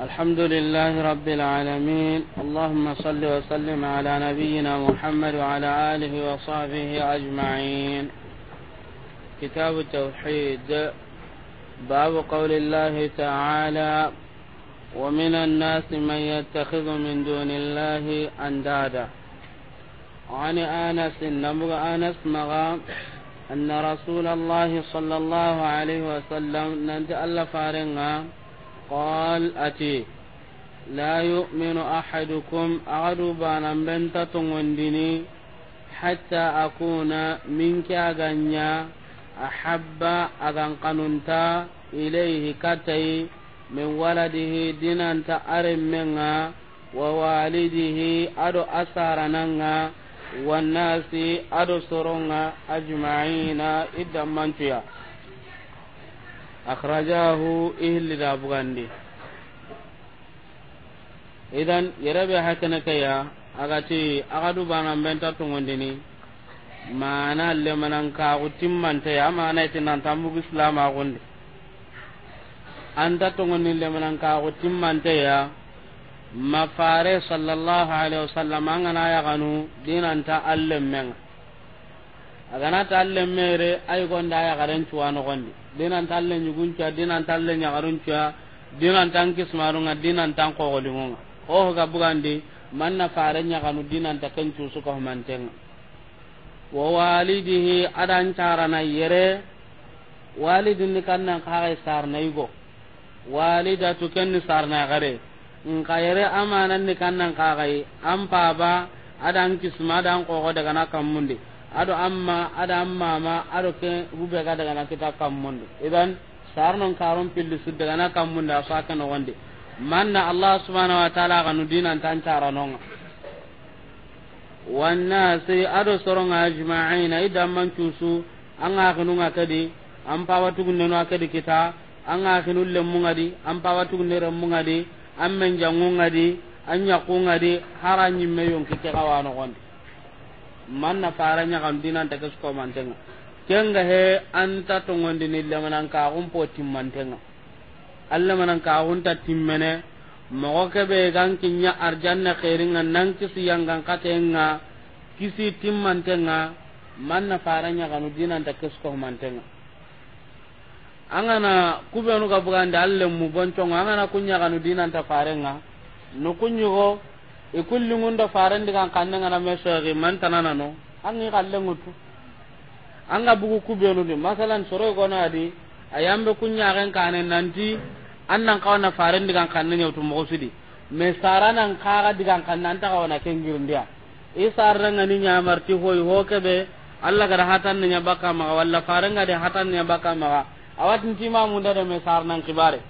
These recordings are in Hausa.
الحمد لله رب العالمين اللهم صل وسلم على نبينا محمد وعلى آله وصحبه أجمعين كتاب التوحيد باب قول الله تعالى ومن الناس من يتخذ من دون الله أندادا وعن أنس نبغى أنس مغام أن رسول الله صلى الله عليه وسلم ننتألف فارنغام قال أتي لا يؤمن أحدكم أغدو بانا بنتا تنغندني حتى أكون منك أغنيا أحب أغن قننتا إليه كتي من ولده دينا تأرم منها ووالده أدو أسارننها والناس أدو سرنها أجمعين إدى منتيا akhrajahu ihli da bugandi idan yarabe hakana kaya agati agadu bana menta tungondini mana le manan ka gutim manta ya mana itinan tambu islam agundi anda tungoni le manan ka gutim manta ya mafare sallallahu alaihi wasallam angana ya kanu ta allem men agana ta allem mere ay gonda ya garen tuwa no gondi dinan talle nyugunca dinan talle nyagarunca dinan tan kismarunga dinan tan kogolingonga oho ga bugandi manna fare nyaganu dinan ta kencu suka humantenga wa walidihi adan carana yere walidinni kannan kaxa sarnayigo walidatu kenni in nka yere ni kannan kaxayi an baba adan kisma adan kogo dagana kammundi ado amma ada amma ma ado ke hube ga daga na kita kammundu idan sarnon karon pilli su daga na kammundu ka no wande manna allah subhanahu wa ta'ala ga nu dinan tan taranonga wannasi ado soronga ajma'ina idan man tusu an ga kunu kinunga kadi an pawa tugunnenu akadi kita an ga kunu le mun di an pawa tugunne mun di an men menjangunga di an yakunga di haranyimme kike kawano wande man na fara nya kan dinan ta kasko mantenga kenga he anta to ngondi ni lamanan ka gumpo timmantenga alla manan ka gunta timmene mogo kebe gan kinya arjanna khairinga nan kisi kisu yangan katenga kisi tim man na fara nya kanu dinan ta kasko mantenga angana kubenu ga bugande alle mu boncongo angana kunya kanu dinan ta farenga no kunyugo ikulli ngunda farendi kan kanne ngana mesegi man tanana no angi kalle ngutu anga bugu kubenu ni masalan soro gona adi ayambe kunya kan kanne nanti annan kawana farendi kan kanne nyautu mo sidi me saranan kaga digan kanne anta kawana kengirndia isarra ngani nyamarti hoy hokebe Allah gara hatan nya baka ma walla faranga de hatan nya baka ma awatin mun da me sarnan kibare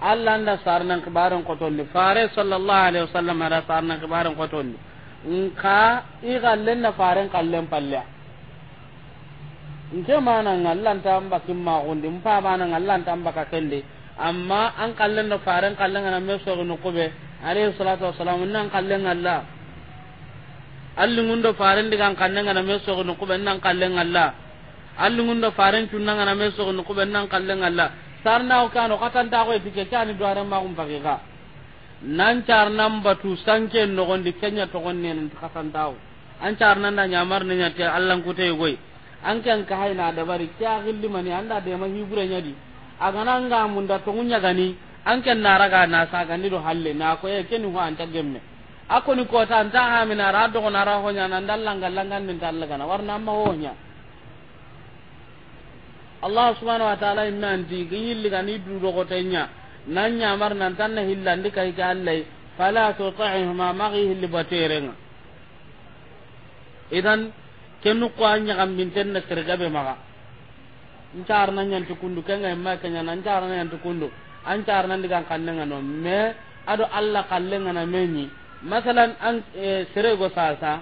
allah anda sarnan kibaren kotondi fare sallallahu alaihi wasallam ada sarnan kibaren kotondi nka i gallen na faren kallen palle nke mana ngallan ta amba kimma gundi mpa mana ngallan ta amba kakende amma an kallen na faren kallen na meso no kube alaihi salatu wassalam nan kallen Allah alli ngundo faren digan kallen na meso no kube nan kallen Allah alli ngundo faren tunnan na meso no kube nan kallen Allah sarna ko kano ta ko tike tani do aran ma gum pagiga nan char nan batu sanke no di kenya to gonni nan katan ko an char nan da nyamar ne nyate allan ku tay goy an kan ka hayna da bari kya gilli mani anda de ma hibure nyadi aga nan ga mun da to gunya gani an kan naraga na sa gani do halle na ko e keni ho an ta gemme akoni ko ta an ta ha min ara ko na ra ho nya nan dallan gallan nan min tallaga na warna ma ho nya allah subhanahu wa ta'ala inna anti gilli ga ni du do gotenya nan nya mar nan tan na hillandi kai ga allah fala tuta'ihuma maghi li batirin idan kenu ko anya kam binten na kerga be maga ncar nan nyan tukundu kenga ma kenya nan ncar nan nyan tukundu an car nan digan kannga no me ado allah kallenga na menyi masalan an e, sere go sasa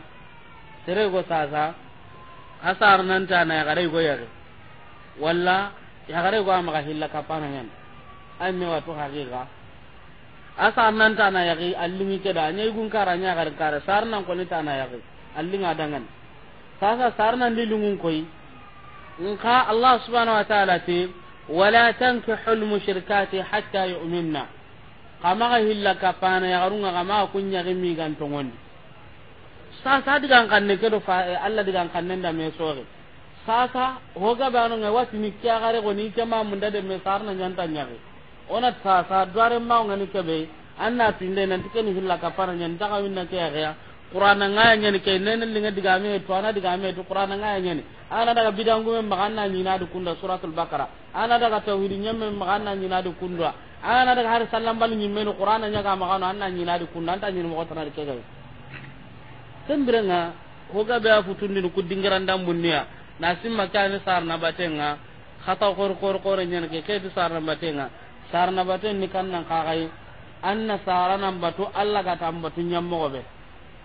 sere go sasa asar nan ta na gare go yare walla yagare go amaga hilla kapana nyen anne watu haqiqa asa nan ta na yaqi allingi keda nyi gun karanya gar kar sar nan ko ni ta na yaqi allinga dangan sasa sar nan lungun koi nka allah subhanahu wa ta'ala ti wala tankihul mushrikati hatta yu'minna kama ga hilla kapana yagarunga kamaga kunya gimi gan tongon sasa digan kanne kedo eh, allah digan kanne da me sore sasa hoga ba ngai wati ni kya gare go ni kema munda de me na nyanta nyare ona sasa dware ma ngani kebe anna tinde nan tike ni hilla ka para nyanta ka winna ya ga nga ya nyani ke nenen linga diga me to ana diga me to nga ya nyani ana daga bidangu me maganna ni na du kunda suratul baqara ana daga tauhid nyemme maganna ni na du kunda ana daga har sallam bal me no qur'ana ma kana anna ni na du kunda anta ni mo tana ke ga sembrenga hoga be afutundin ku dingaran dambunniya na simma kani sarna batenga khata kor kor kor nyen ke ke sarna batenga sarna baten ni kannan kagai anna sarana batu alla ga tambatu nyammo be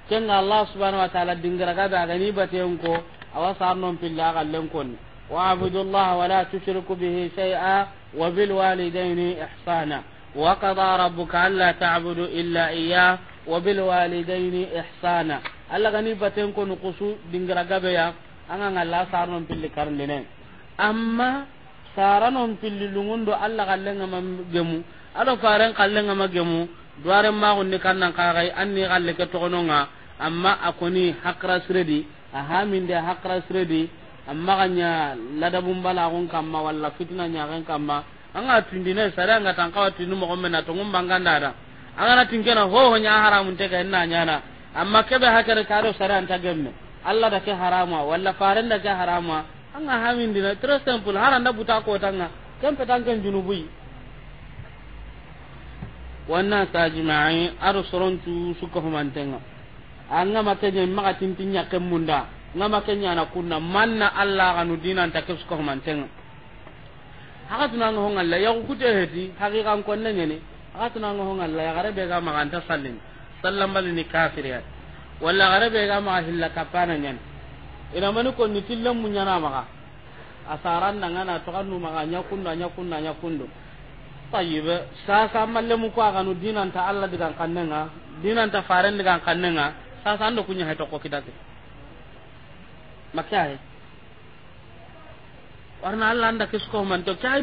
kenga allah subhanahu wa ta'ala dingara ga daga ni baten ko awa sarnon pilla ga len wa abudullah wa la tushriku bihi shay'a wa bil walidayni ihsana wa qada rabbuka alla ta'budu illa iyyah wa bil walidayni ihsana alla ga ni baten ko nukusu dingara ga be ya an anga ngalla sarnon pilli karndine amma saranon pilli lungundo alla kallenga ma gemu ado faren kallenga ma gemu duaren an kannan kaxay anni xalle ke nga amma a koni hakra siredi a haminde hakra siredi amma ladabu mbala kun kamma walla fitina ñaxen kamma anga tindine sare anga tan kawa tindi moxon na tongum bangandada nya tinkena te haramunte ga enna na amma keɓe hakere kaɗo sare ta gemme allah da ke harama wala faran da ke harama anga hamin dina très simple da buta ko tanga kan kempe tanken junubi wanna tajma'i aro tu suka humantenga anga makanya maka tintinya kemunda nga makanya na kunna manna Allah kanu dina ta ho mantenga haka tuna ngo honga la ya kute heti hakikan konne ne haka tuna ngo honga la ya garebe ga maganta sallin sallam bali ni kafir ya wala. gare ga ma hilla kapana nyen ina mani ko ni tillam mun asaran to kanu malle mu ko dinan ta kannenga dinan ta faran kannenga kunya kidate warna kisko man to kai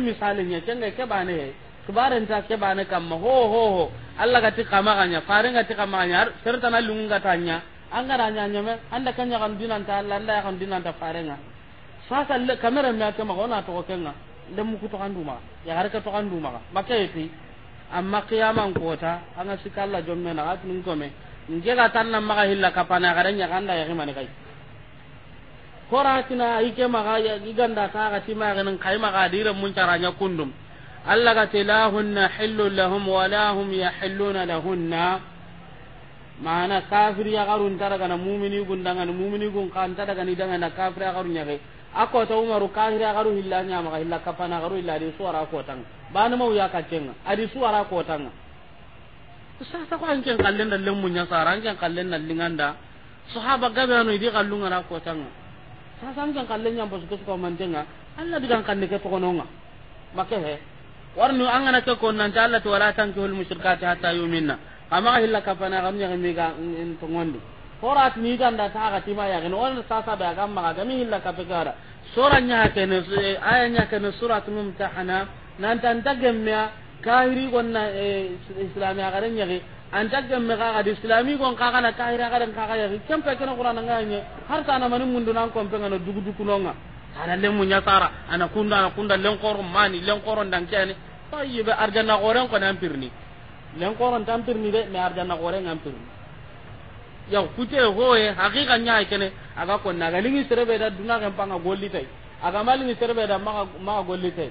ke bane kibaren ta ke bane ma ho ho ho Allah ga ti kama ganya farin ga ti kama ganya serta na ta tanya an ga ranya nya me anda kanya kan dinan ta Allah ya kan dinan ta farenga sasa le kamera me ake ma ona to kenga da mu ku to kan duma ya har ka to kan duma ba ke ti amma qiyaman kota an ga jom me na at nun me nge ga tan nan ga hilla pana ga ranya kan da ya ne kai koratina ike maga iganda ta ga ti ma ga nan kai maga dire mun caranya kundum allah gati lahunna hillun lahum wala hum yahilluna lahunna mana kafir ya garun taragana mumini gun dangana mumini gun kan taragani dangana kafir ya garun yake ako ta umaru kafir ya garu hilla nya maka hilla kapana garu hilla suwara kota nga ba na mawu ya kacenga adi suara ko tang sa ta ko anken kallen da lemmu nya sara anken kallen na linganda sahaba gabe anu idi nga na ko tang sa sa anken kallen nya basu ko ko mantenga alla digan kan ne ke to kononga ke he warnu an gana ke ko nan Allah to wala tan kihul mushrikati hatta yu'minna amma hilla kafana gam ya mi ga in to ngondi horat ni dan da ta ga tima ya gano on sa sa da gam ma ga mi hilla kafara sura nya ke ne eh, aya nya ke ne suratul mumtahana nan tan dagamya kahiri gonna eh, islamiya garan ya an tagge me kaga di islami gon kaga na kahira kaga kaga ya kem pe kana qur'an nga nye har ta na manin mundu nan kon pe ngana dugu dugu nonga ana le munya tara ana kunda ana kunda len qoro mani len qoro ndan kene tayyibe arjanna goren ko nan pirni len koron tan pirni de me arjanna goren nan pirni ya kute hoye hakika nya kene aga ko naga lingi serebe da duna kan panga golli tay aga malingi serebe da ma ma golli tay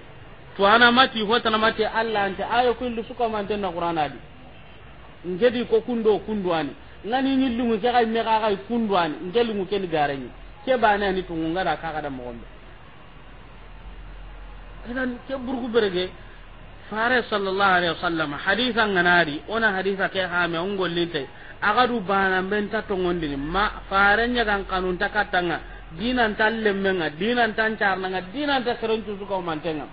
to ana mati hota na mati Allah ante ayo kullu suka man tan di ngedi ko kundo kundo ani ngani ke kay me ka kay kundo ani ngelungu ken garenyi ke bana ni tungunga da ka kada mo idan ke burgu berege fare sallallahu alaihi wasallam haditha nganari ona haditha ke ha me ongollinte agadu bana ben ta tongondini ma fare nya kan kanun takatanga dinan tallemmenga dinan tan carnanga dinan ta serencu suka mantenga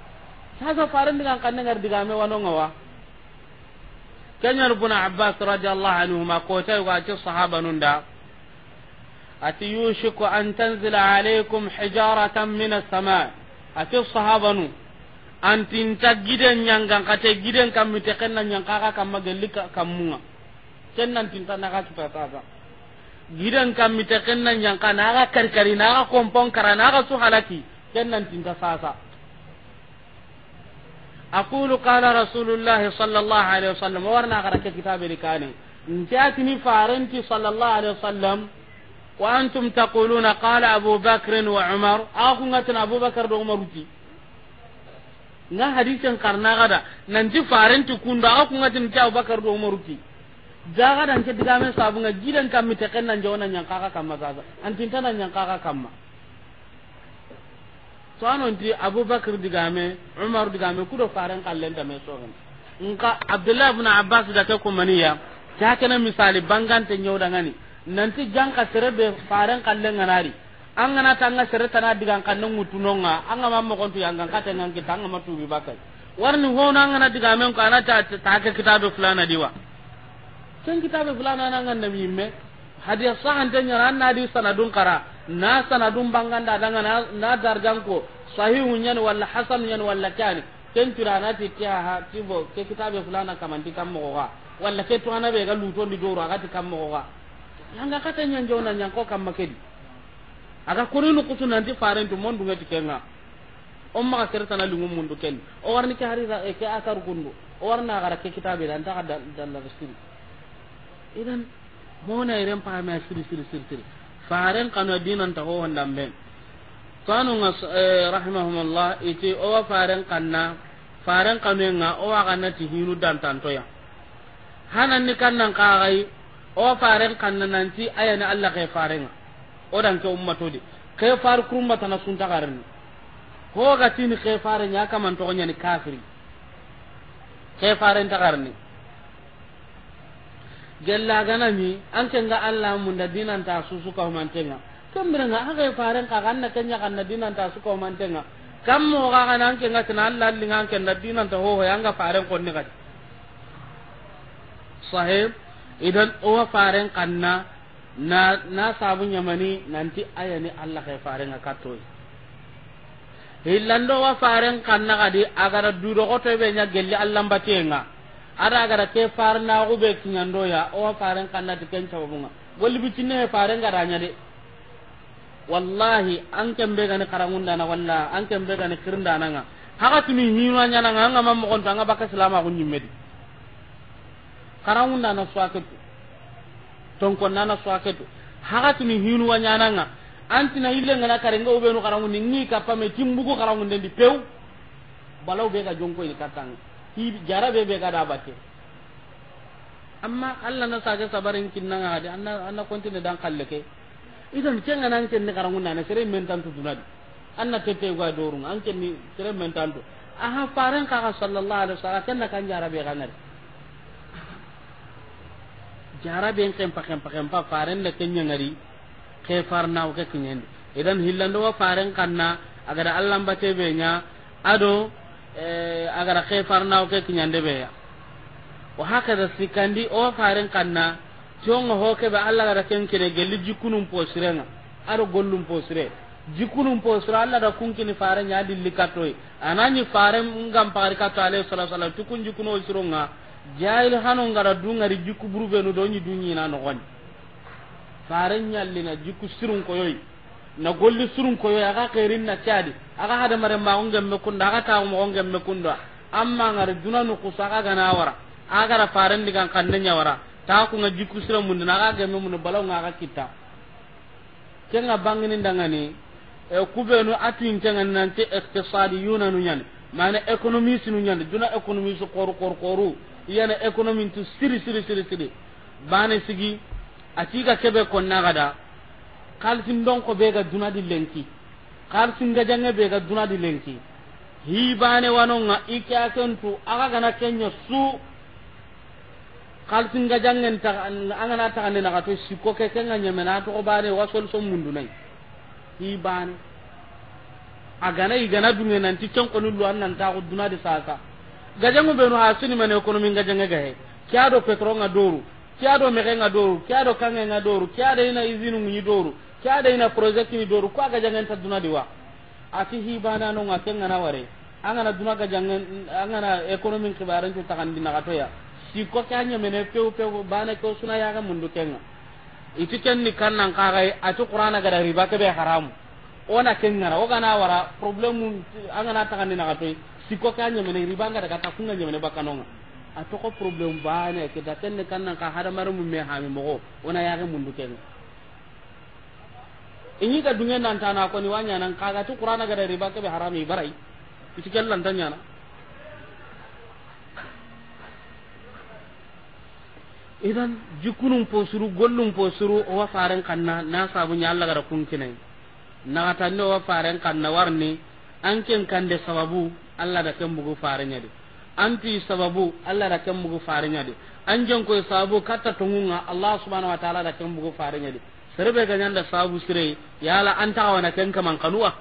sasa fare ndigan kannengar digame nga wa kenya buna abbas radiyallahu anhu ma ko tay wa ci sahaba nun da ati yushiku an tanzila alaikum hijaratan min as-sama ati sahaba nun antinta giden ñangan kate giden kammite kenna ñankaka kamma gelli kamunga ken nantinta naga kita sasa giden kammite kenna ñanka naga karkari naga kompon kara naga su halaki ken tinta sasa aqulu qala rasulullahi sallallahu alaihi wasallam warna gara ke kitabeni kane nte atini farenti sallallahu alaihi wasallam wa antum taquluna qala abu bakr wa umar akungatin abu bakr do umar uti nga hadisen karna gada nanti farenti kundo aga kunga tin ta abubakar do umaru ki ga gada ke diga men sabu nga gidan kam mi teken nan jona nyang kaka kamma gaza antin nan nyang kaka kamma to anonti abubakar diga me umar diga me kudo faren kallen da me sogen nka abdullah ibn abbas da ta kumaniya ta kana misali bangante nyawda ngani nanti jangka serebe faren kallen ngari an gana ta an sere tana diga kan mutu nonga an ga mamma kontu yang kan kata nang kita an ga matu bi bakai warni hono an gana diga men ko ana ta ka kitabe fulana diwa ken kitabe fulana nan ga nabi me hadi sahan tan yara an di sanadun kara na sanadun banganda daga na na darjan ko sahihun nyan wala hasan nyan walla kani ken turana ti kya ha bo ke kitabe fulana di kam mo ga wala ke tu ana be ga luto ra ga ti kam mo ga yanga kata nyan jona nyan ko kam makedi aga koni nu kutu nanti farentu mon dunga tikenga on maga keretana lingu mundu ken o warni ke hari eh, ke asar kundu o warna gara ke kitabe dan ta dalla siri idan mona iren pa ma siri siri siri siri faren kanu dinan ta ho wanda men kanu ngas eh, rahimahumullah iti o faren kanna faren kanu nga o wa kanna ti hinu dan tanto ya hanan ni kannan ka gai o faren kanna nanti ayana allah ke faren odan ke de ke far kurumba tana sunta garin ko ga tini ke fare nya man to nya ni kafiri ke fare ta garin gella gana mi an ke ga Allah mun da dinan ta su su ka tenga kan bira nga ke fare ka ganna kenya kan na dinan ta su ka tenga kam mo ga kana an ken ga tan Allah li an ke na dinan ta ho ho yanga fare ko ni ga sahib idan o fare kanna na na sabu nyamani nanti aya ni Allah kay farenga katoy hillando wa faren kanna gadi agara duro ko tebe nya gelli Allah batenga ara agara ke farna go be kinyando ya o faren kanna de ken tawunga golli bitine faren garanya de wallahi an kembe gani karangun na walla an kembe gani kirnda nanga haka tuni hinwa nyana nga nga mammo kon tanga baka salama ko nyimmedi karangunda na swake ton kon nana swaketu hagatu ni hinu wa nyananga antina ille ngana karenga ubenu karangu ni ngi kapame timbugo karangu ndendi pew balaw be ga jonko ni katang hi jara be be ga da batte amma alla na sage sabarin kinnanga hade anna anna kontine dan kalleke idan kenga nan ken ni karangu nana sere mentan tu dunad anna tete ga dorung an ni sere mentan tu aha faran kaga sallallahu alaihi wasallam kenna kan jara be ganare jara en kempa kempa kempa faren le kenya ngari ke farna o ke kinyen idan hillando wa faren kanna agar allah bate be nya ado eh, agar ke farna o ke kinyen de be ya wa haka da sikandi o faren kanna jong ho ke be allah gara ken kire gelli jikunum posirenga ado gollum posire jikunum posira allah da kun kini faren ya dilli katoy anani faren ngam parika kato alayhi salatu wasallam tukun jikuno sironga jahil hanu ngara dungari jikku burubenu do nyi dunyina nogoni fare nyallina jikku sirun koyoyi na golli surun yoy aga kerin na tiadi aga hada mare ma me kunda aga ta mo ngemme kunda amma ngari dunanu saga gana wara aga ra fare ndigan kanne nyawara ta ku nga jikku sirun mun na aga me mun balaw nga aga kita kenga bangini ndangani e kubenu atin kenga nante iqtisadiyuna nu nyani mana economist nu duna ekonomi su koru koru koru yana economy tu siri siri siri siri bane sigi ka kebe konna gada xaalisin don ko be ga dunadi lenki xaalisin ga jange be ga dunadi lenki hi bane wano wanonga ikya kentu aga gana kenya su kalsin ga taxa ta anga na ta na ka to sikko ke kenga nyemena to bane wasol so mundu nai hi bane agana igana nan nanti ken konu lu nan ta ko dunadi sasa gajangu benu hasini mane ko min gajanga gahe kya do petro nga doru kya do mege nga doru kya do kange nga doru kya de ina izinu ngi doru kya de ina project ni doru kwa gajanga ta duna diwa ati hi bana no nga kenga na ware na duna anga na economy kibaran ta kan dina to ya si siko kanya mene pew pew bana ko suna ya ga mundu kenga iti kenni kannan a ati qur'ana ga riba ke be haramu ona kenga na wara problem na ta kan dinaka to siko ka nyamene riba nga daga takunga nyamene bakanonga atoko problem bane ke datenne kannan ka hada mar mu me hami mogo ona ga mundu ken inyi ga dunya nan na ko ni wanya nan ga tu qur'ana ga riba ke be harami barai itu kellan tanya na idan jikunun posuru gollun suru o wa faren kanna na sabu nya Allah ga kun kinai na ta no wa faren kanna warni an ken kande sababu allah da kan bugu an anti sababu allah da kan bugu de an jan ko sababu katta tungunga allah subhanahu wa taala da kan bugu de sirbe ga nyanda sababu sire yala antaxawana kan kaman kanuwa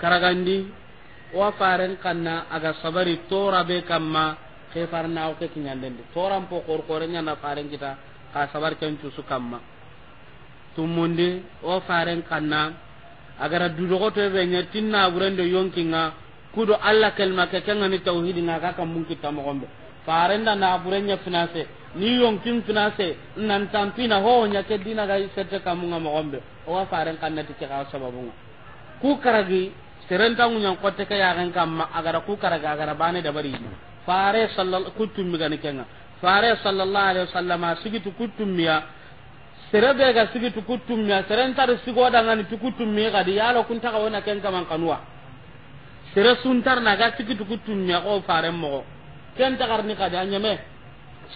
karagandi wa farin kanna aga sabari tora be kamma ke farna o ke kinyandende tora mpo kor kor na farin kita ka sabar kan tusu kamma tumundi o farin kanna agara dudogoto ɓe ña tinnaɓurende yonkinga kudo allah kelma ke kengani tawhidi nga kaka munkitta mogonɓe farenda naɓurenña finance ni yonkin finance nan tampina ho ñake dinaga sette kamunga mogonɓe owa faren kannati ke ka sababunga ku karagi serentanguñan kotte ke yaxen kamma agara ku karagi agara bane dabari fare kuttummigani kenga fare sallallahu alaihi wasallam sigitu kuttummiya serebe ga sigi tukutummiya serentar ga tukutummi kadi yala kuntaga wona ken kaman kanuwa sere suntar ga sigi ya ko faren mo ken da nyame a ma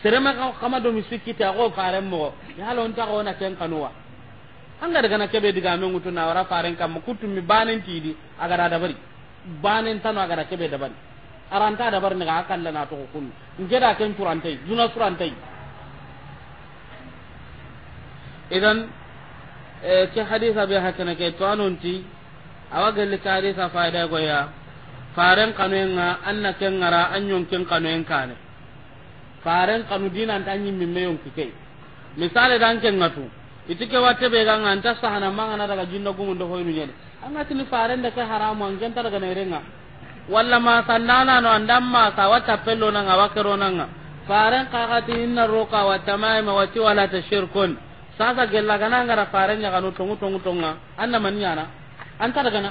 serema kama domi ta a ko faren mogo yala ontaga wona ken kanuwa anga daga na kebe diga men ngutu na wara faren kam mi banen aga da dabari banen aga da kebe dabari aranta dabari naga akalla na to kun ngeda ken turantai juna turantai idan eh, ke hadisa be hakana ke to anonti awa gelle ka hadisa faida goya faren an anna ken ngara anyon ken kanen kane faren kanu dinan min mimme yon kai misale dan ken ngatu itike watte be ga nganta sahana mangana daga jinna gumundo hoynu nyene anga tini faren da ke haramu an genta daga nerenga walla ma sandana no andam ma sa wata pello nan awakero nan faren kagati inna roka wa tamaima wa ti wala tashirkun sasa gella gana ngara pare nya kanu tongu tongu tonga anna man nyana anta daga na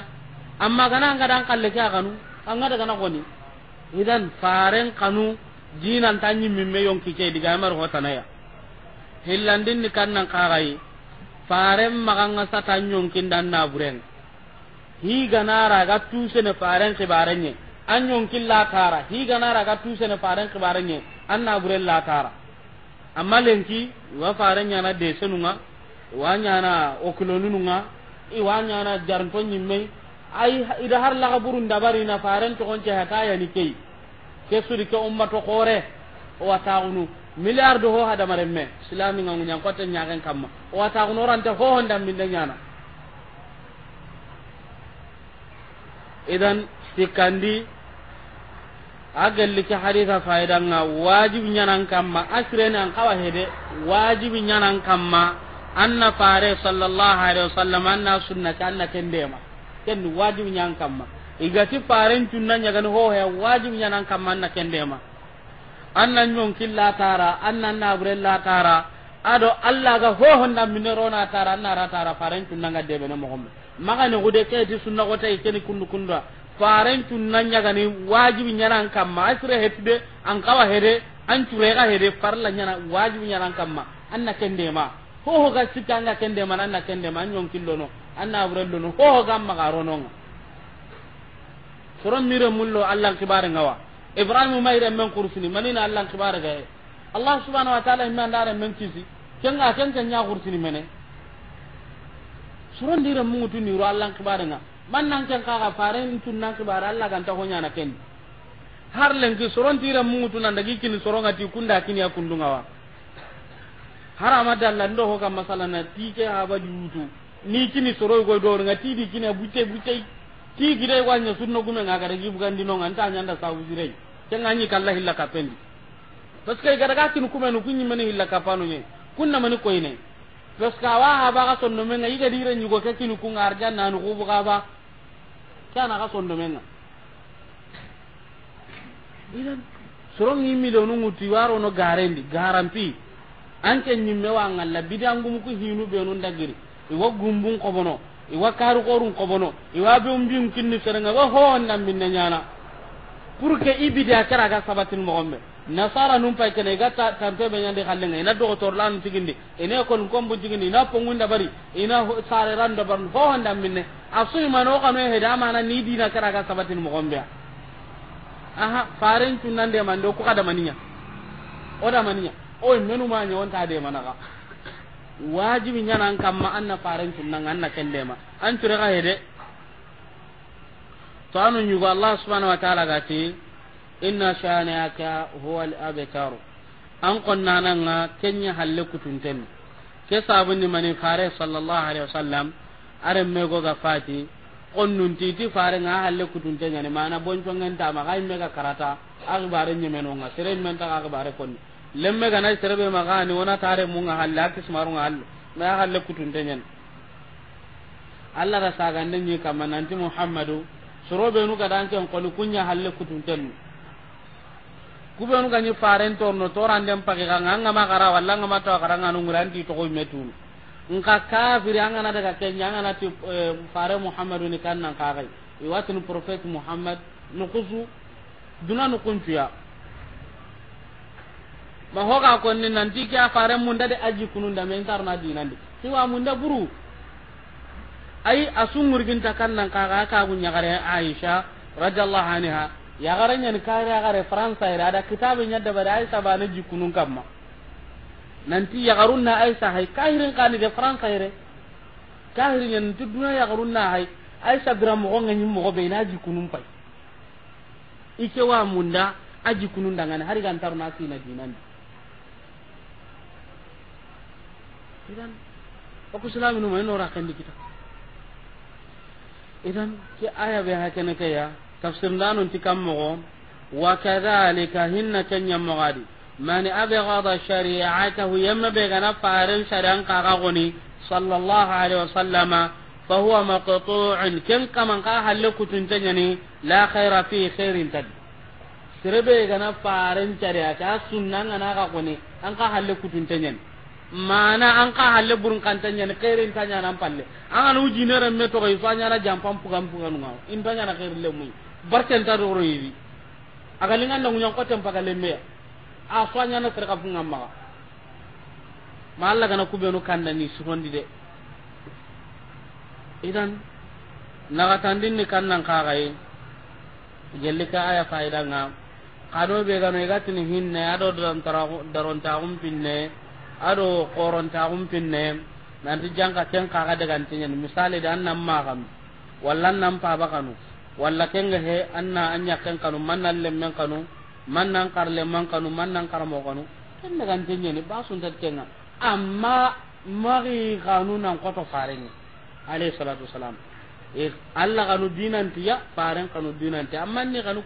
amma gana ngara an kalle ka kanu an ngada gana koni idan faren kanu jinan tanyi mimme yon kike diga mar hota na ya hillandin ni kannan kagai faren maganga satan kin dan na buren hi gana tu tuse ne faren barenye an kin la tara hi gana tu tuse ne faren barenye anna buren la tara. amma lenki wa fare nyana desenunga wa nyana okulonununga i wa nyana jarnto nyimme ai ida har laga burun dabari na faran to gonje hata ya ni kei ke suri ke umma to kore o wataunu milliard ho hada maremme islami ngangu nyang kota nyaken kamma o wataunu ranta ho honda minda nyana idan sikandi agalli ke haditha faida nga wajibi nyanan kamma asirene an kawa hede wajibi nyanan kamma anna fare sallallahu alaihi wasallam anna sunnati anna kendema ken wajibi nyan kamma igati faren tunna nyagani ho he wajibi nyanan kamma anna kendema anna nyon killa tara anna na burella tara ado alla ga ho honna minero na tara na ra tara faren tunna ga debe ne mo homme maga ne gude ke di sunna ko tay ken kundu kunda faren tunna ñagani wajibi ñanan kamma a sire hetude an kawa hede an curega hede farla ñana wajibi ñanan kamma an na kendema ho ga sikka kende ma an na ma an ñonkillono an na burellono ho ga magarononga soron mire mullo allah kibare ngawa ibrahima re men kursini manina allah kibare ga allah subhanahu wa ta'ala himman dare men kisi kenga kenga nya kursini mene soron dire mungutu ni ro allan kibare ngawa man nan kan kaga faran tun nan ke bara Allah kan ta honya na ken har len ki soron tira mutu nan dagi kini soronga ti kunda kini ya kundunga wa harama dalla ndo ho kan masala na ti ke haba jutu ni kini soro go do nga ti di kini bute bute ti gire wa nya sunno gume nga ga dagi bugan dino nga ta nyanda sa wuzire ke nga nyi kallahi la pendi parce que ga daga tin kuma no kunni mani hilla kapanu ne kunna mani koyne parce que awa aba ga sondo menga iga dire nyugo ke kinu ku ngarja na kubu ga ba kana ga sondo menga idan soron yimmi do nu nguti waro no garendi garampi anke nyimme wa ngalla bidangum ku hinu be non dagiri iwa gumbun ko iwa karu korun ko iwa be umbin kinni serenga wa ho nan minna nyana pour que ibida kara ga sabatin mo nasara num pay kene ga ta tampe be nyande ngai ina do to lan tigindi ina kon bu tigindi ina pongunda bari ina sare ran da ban ho handa minne asu mano kanu he dama na ni dina kara ga sabatin mo gombe aha faren nan de do ko kada maninya o da maninya o menu ma nyon ta de manaka wajibi nyanan ma anna faren nan anna kende ma an tura ga hede to anu nyugo allah subhanahu wa ta'ala ti inna shanaka huwa al-abtar an qonna nan ga kenya halle kutunten ke sabun ni mani fare sallallahu alaihi wasallam are me go ga fati qonnun titi fare nga halle kutunten ne mana boncho ngen ta ma kai me ga karata agbare nyeme no ga sere men ta agbare konni lemme ga na sere be magani wona tare mun ga halle akismaru ga halle ma halle kutunten ne Allah da sagande nyi kamma ti Muhammadu soro be nu ga dan ken qolu kunya halle kutunten kubenu ganyi faren torno toran dem pake ka nganga makara walla ngama to akara nganu nguranti to ko metu ngka kafiri anga na daga kenya ti eh, fare muhammadu ni kan nan kagai iwatun prophet muhammad nukusu duna nukuntiya ma hoga konni nanti Kia ya a fare munda de aji kununda men tarna dinandi siwa munda buru ai ginta kan nan kaga ka gunya gare aisha radiyallahu anha yagara ñani kare yagare france ire ada kitabe ñadda bare aisa bane jikkunun kamma nanti na aisa hay kahirin kani de france ire kahirin ñani duniya duna yagarunna hay aisa bira mogo ŋañi mogo be ina jikunun pai ike wa munda a jikunun dangan hari na sina dinan idan oku silaminu ma inora kan kita idan ke aya be hakene kenaka ya tafsir ndanun ti go wa kadhalika hinna kenya mogadi man abghada shari'atahu yamma be gana faran sharan kaga goni sallallahu alaihi wasallama fa huwa maqtu'un kin kaman ka halle kutun ni la khaira fi khairin tad sirbe gana faran shari'a ta sunnan ana ga goni an ka halle kutun ni mana an ka halle burun kanta ni khairin tanya nan palle an anu ne ran meto ko ifanya na jampam pugam pugam ngaw in tanya na khairin le muy barken ta do royi aga lingan na ngunya ko tempa galembe a so anya na terka bunga ma ma Allah kana kube no kanda ni sugondi de idan tan tandin ni kannan ka gaye gelli ka aya faida nga kado be gano igatini hinne ado daron ta pinne ado koron ta pinne nan ti jangka ken ka ga daga tinyen misali dan nan ma kam wallan nan pa ba kanu walla kenga he anna anya ken kanu le men kanu kar le man kanu kar karamo kanu tan daga tinye ni sun tat kenga amma mari kanu nan ko to farenga alayhi salatu wassalam e eh, alla kanu dinan ya farin kanu dinan tiya amma ni kanu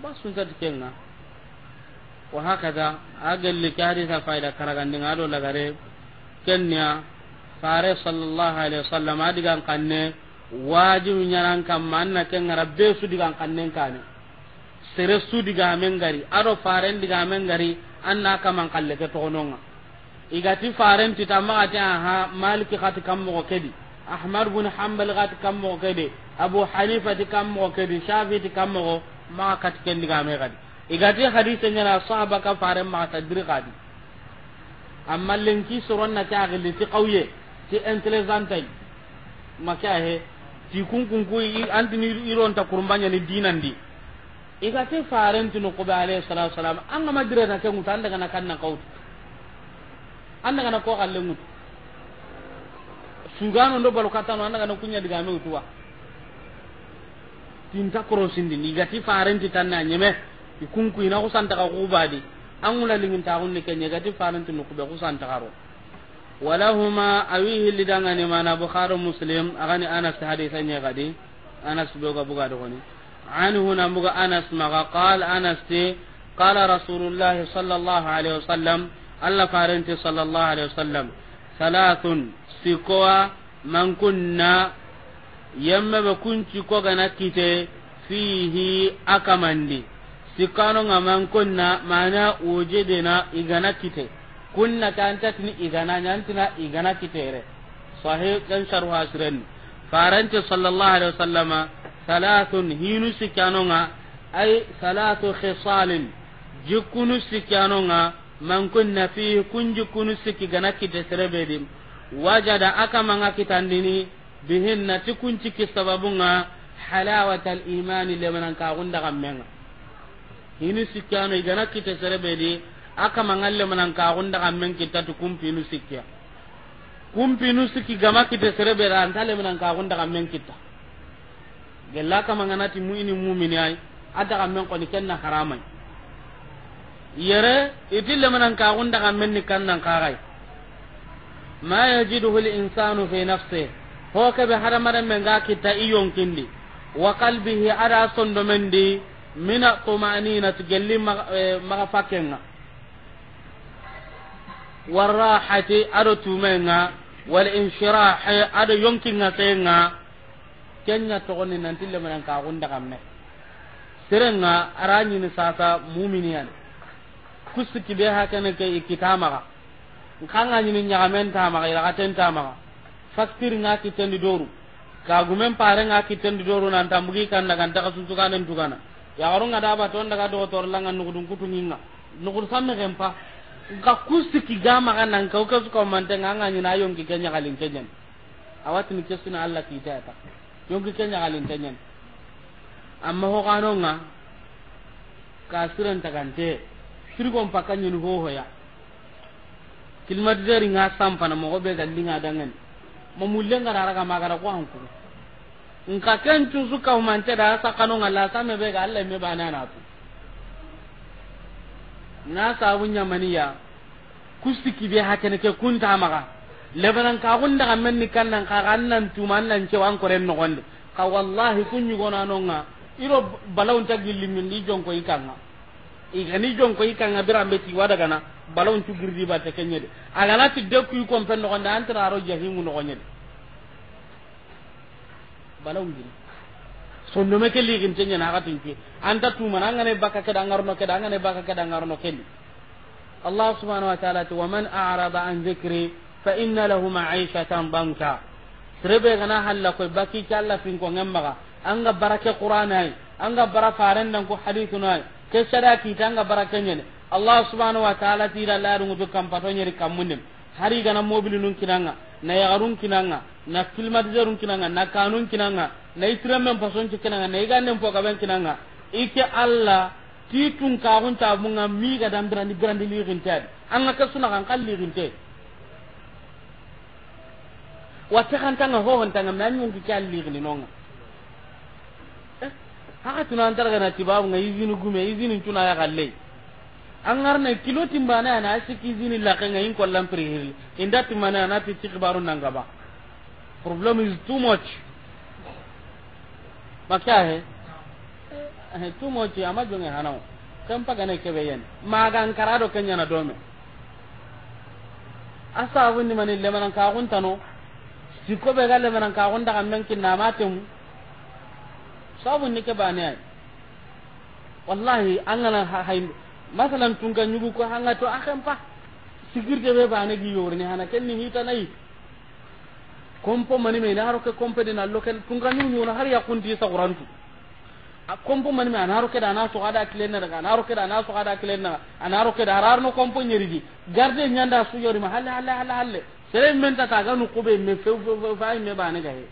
ba sun tat kenga wa hakaza li kari ta faida ni ngado lagare kenya fare sallallahu alaihi wasallam adigan kanne wajibi nyaran kamma anna ken su be su digan kannen kane sere su diga men gari aro faren diga men gari anna kaman kalle ke iga igati faren ti tamma ati aha maliki khati kammo ko kedi ahmad bun hanbal khati kammo ko kedi abu hanifa ti kammo ko kedi shafi ti kammo ko ma kat ken diga me gadi igati hadise nyana sahaba ka faren ma tadri gadi amma lenki soronna ta agli ti qawye ti intelligent tay makahe ti kunkun ku antini ironta kurumbañani dinandi igate farentino koɓe alayhi salatu wasalam angama direna ke ŋutu an na kanna kawtu an daga dagana ko xalle ŋutu sugano ndo balukatano an dagana kuña digame ŋutuwa tinta korosindini igati farenti tanne a ñeme ku kunkuina xusantaxa xuɓadi an ŋuna liŋintaxunni ke ñegati farenti nukuɓe xusantaxaro ولهما أوي اللي دعاني ما بخار مسلم أغني أنس حديثا يغدي أنس بوغا بوغا دغني عنه نبغى أنس مغا قال أنس تي قال رسول الله صلى الله عليه وسلم الله فارنت صلى الله عليه وسلم ثلاث سكوا من كنا yamma be kunci ko فيه kite سكانو من كنا ngaman kunna mana wujidina kunna ta ni igana nyantina igana kitere sahih kan sharhu asren faranti sallallahu alaihi wasallama salatun hinu sikanonga ay salatu khisalin jikunu sikanonga man kunna fi kun jikunu siki gana kite serebedi wajada manga kitandini bihinna tikunciki sababunga halawata al-imani lemanankaxundagamenga hinu sikano igana kitere serebedi aka mangalle manan ka gonda kamen kita tu kumpi sikya kumpinu siki gama kita serebe ran tale manan ka gonda kamen kita gella ka ti mu'ini mu'mini ay ada kamen ko ni kenna haramai yere itille manan ka gonda kamen ni kannan kagai ma yajiduhu al-insanu fi nafsihi ho kebe haramaren men ga kita iyon kindi wa qalbihi ara sondo mendi mina tumanina tu gelli maga eh, fakenga warrahati ado tumenga wal inshirahi ado yonkinga kenga kenya togoni nanti lemanan ka gunda kamme serenga aranyi ni sasa mu'miniyan kusiki be hakana ke ikitama ka kanga ni nyagamen tama ka ila katen ma ga faktir nga ki kitendi doru ka gumen pare nga ki kitendi doru nan tambugi kan daga ndaka suntukana ndukana ya garunga daba ton daga do torlanga nugudun kutunginga nugur samme gempa ga kusiki ga maga nan ka ka su ko man tan anga na yon ki kenya kalin kenyan awati ni kesuna alla ki ta ta yon ki kenya kalin kenyan amma ho kano nga kasiran takante mpaka pakanyin ho hoya kilmatizari nga sampana mogo be galli nga dangan mamulle nga raraga magara ko hanku nka kan tu suka ta da sa kano nga la same be ga alla me na tu na sabun yamaniya kusti kibe ne ke kunta maka lebaran ka gunda kamen ni nan ka nan tuman nan ce wan koren no gonde ka wallahi kunyu gona nonga iro balawun ta gilli min ni ko ikanga igani ko ikanga birambe ti wada kana balawun tu girdi ba ta kenye de agana ti de ku ko pen no gonde antara ro jahimu no de balawun gilli sondume ke liginte ñana anta tumana angane bakka keda angarno keda angane bakka keda angarno kendi allah subhanahu wa taala ti waman arada an dhikri fa inna lahu maishatan banka serebe gana halla koy baki ke allah finko ngemmaga anga barake qur'anay anga bara farendan ko ke sada barake allah subhanahu wa taala ti da la dungu kam pato hari gana nun kinanga na yagarun kinanga na climatiseur kinanga na kanun kinanga na itire men pason cikinanga na iganden fo kaben kinanga ike alla ti tun kaxun cabunga mi ga dan birandi birandi lixinte adi an ga ke sunaxan kan lixinte watte xantanga hohontanga mais a ñungi ke a lixninonga eh, haka tuna antaragana tibabunga isine gume isine cuna yaxalley an garna kilo timbana ana asiki zini lakenga in kollan prihiri inda timbana na ti ci kibaru nangaba problem is too much bakka he tumo ci ama jonge hanaw kan paga ne kebe yen maga ankara do kenya na dome asa ni mani le manan ka gun tano sikko be galle manan ka gun daga men kin na matem sabun ni ke bane ay wallahi ha hay masalan tunga nyugu ko hanga to akan pa sigirde be bane gi yorni hana ken ni hita nayi. kompo mani me na roke kompe de na loken tunga nu nyuna har ya kundi sa qurantu a kompo mani me na roke da na so ada kilenna daga na roke da na so ada kilenna na roke da harar no kompo nyerigi garde nyanda su yori ma halla halla halla sere men ta ga nu kube me fe fe fa me ba ne ga he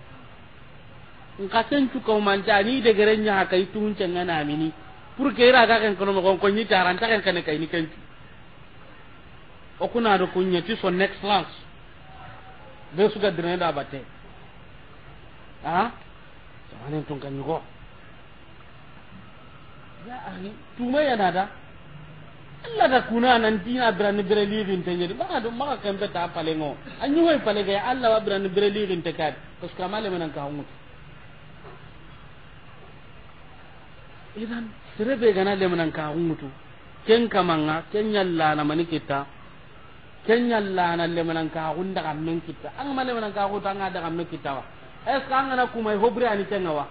nka sen tu ko man ta ni de gere nya ka tun cenga na mini pour que ra ga kan ko no ko n'yi taran ta kan kan kai ni kan o kuna do kunya ti next class be suga dirne da batte a samanin tun kan yugo ya ahi tuma yana da alla da kuna nan dina birani bire livin ta yiri ba don maka kan pale palengo an yi wai ga alla wa birani bire livin ta kad kas kamale manan ka hungu idan sirebe gana le manan ka hungu ken kamanga ken yalla na manikita kita kenya na le manan ka hunda kan men kita an le manan ka hunda an da kan men kita wa es kan ngana mai hobri ani kenga wa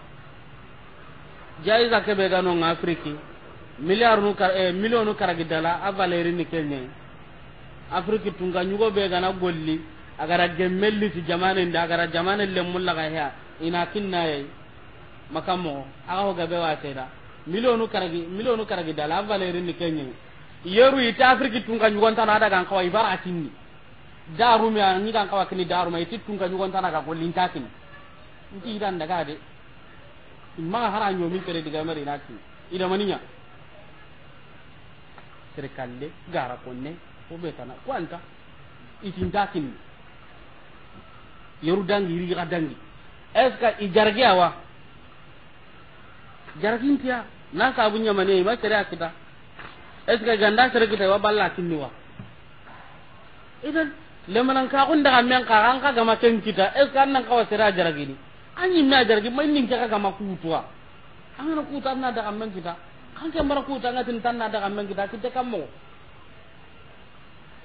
jaiza ke be gano ng afriki miliar nu kar eh milionu a valeri ni kenya afriki tunga go be na golli agara gemelli ti jamane nda agara jamane le mulla ga ya ina kinna ye makamo aga ho be wa seda milionu karagi milionu a valeri ni kenya yeru ita afriki tunga ñugontana dagan kawa ibara Daru mi a ñigan kawa kini daruma iti tunga ñugontana ka gollinta kini nti idan daga de maga hara nyomi pere diga mari nati ida maninya sere kalle gara konne o na kwanta itinta kini yeru dangi iriga dangi eska ce que i jargi awa jargintiya na sabu ñamane ma sere a est ce que ganda sere kita wa balla tinni wa idan lemanan ka kun daga men ka an ka gama ken kita est ce que annan ka wa sira jara gini an yi jara jargi mai nin ka gama kutuwa an na kuta na daga men kita kan ke mara kuta na tin tan na daga men kita kita kan mo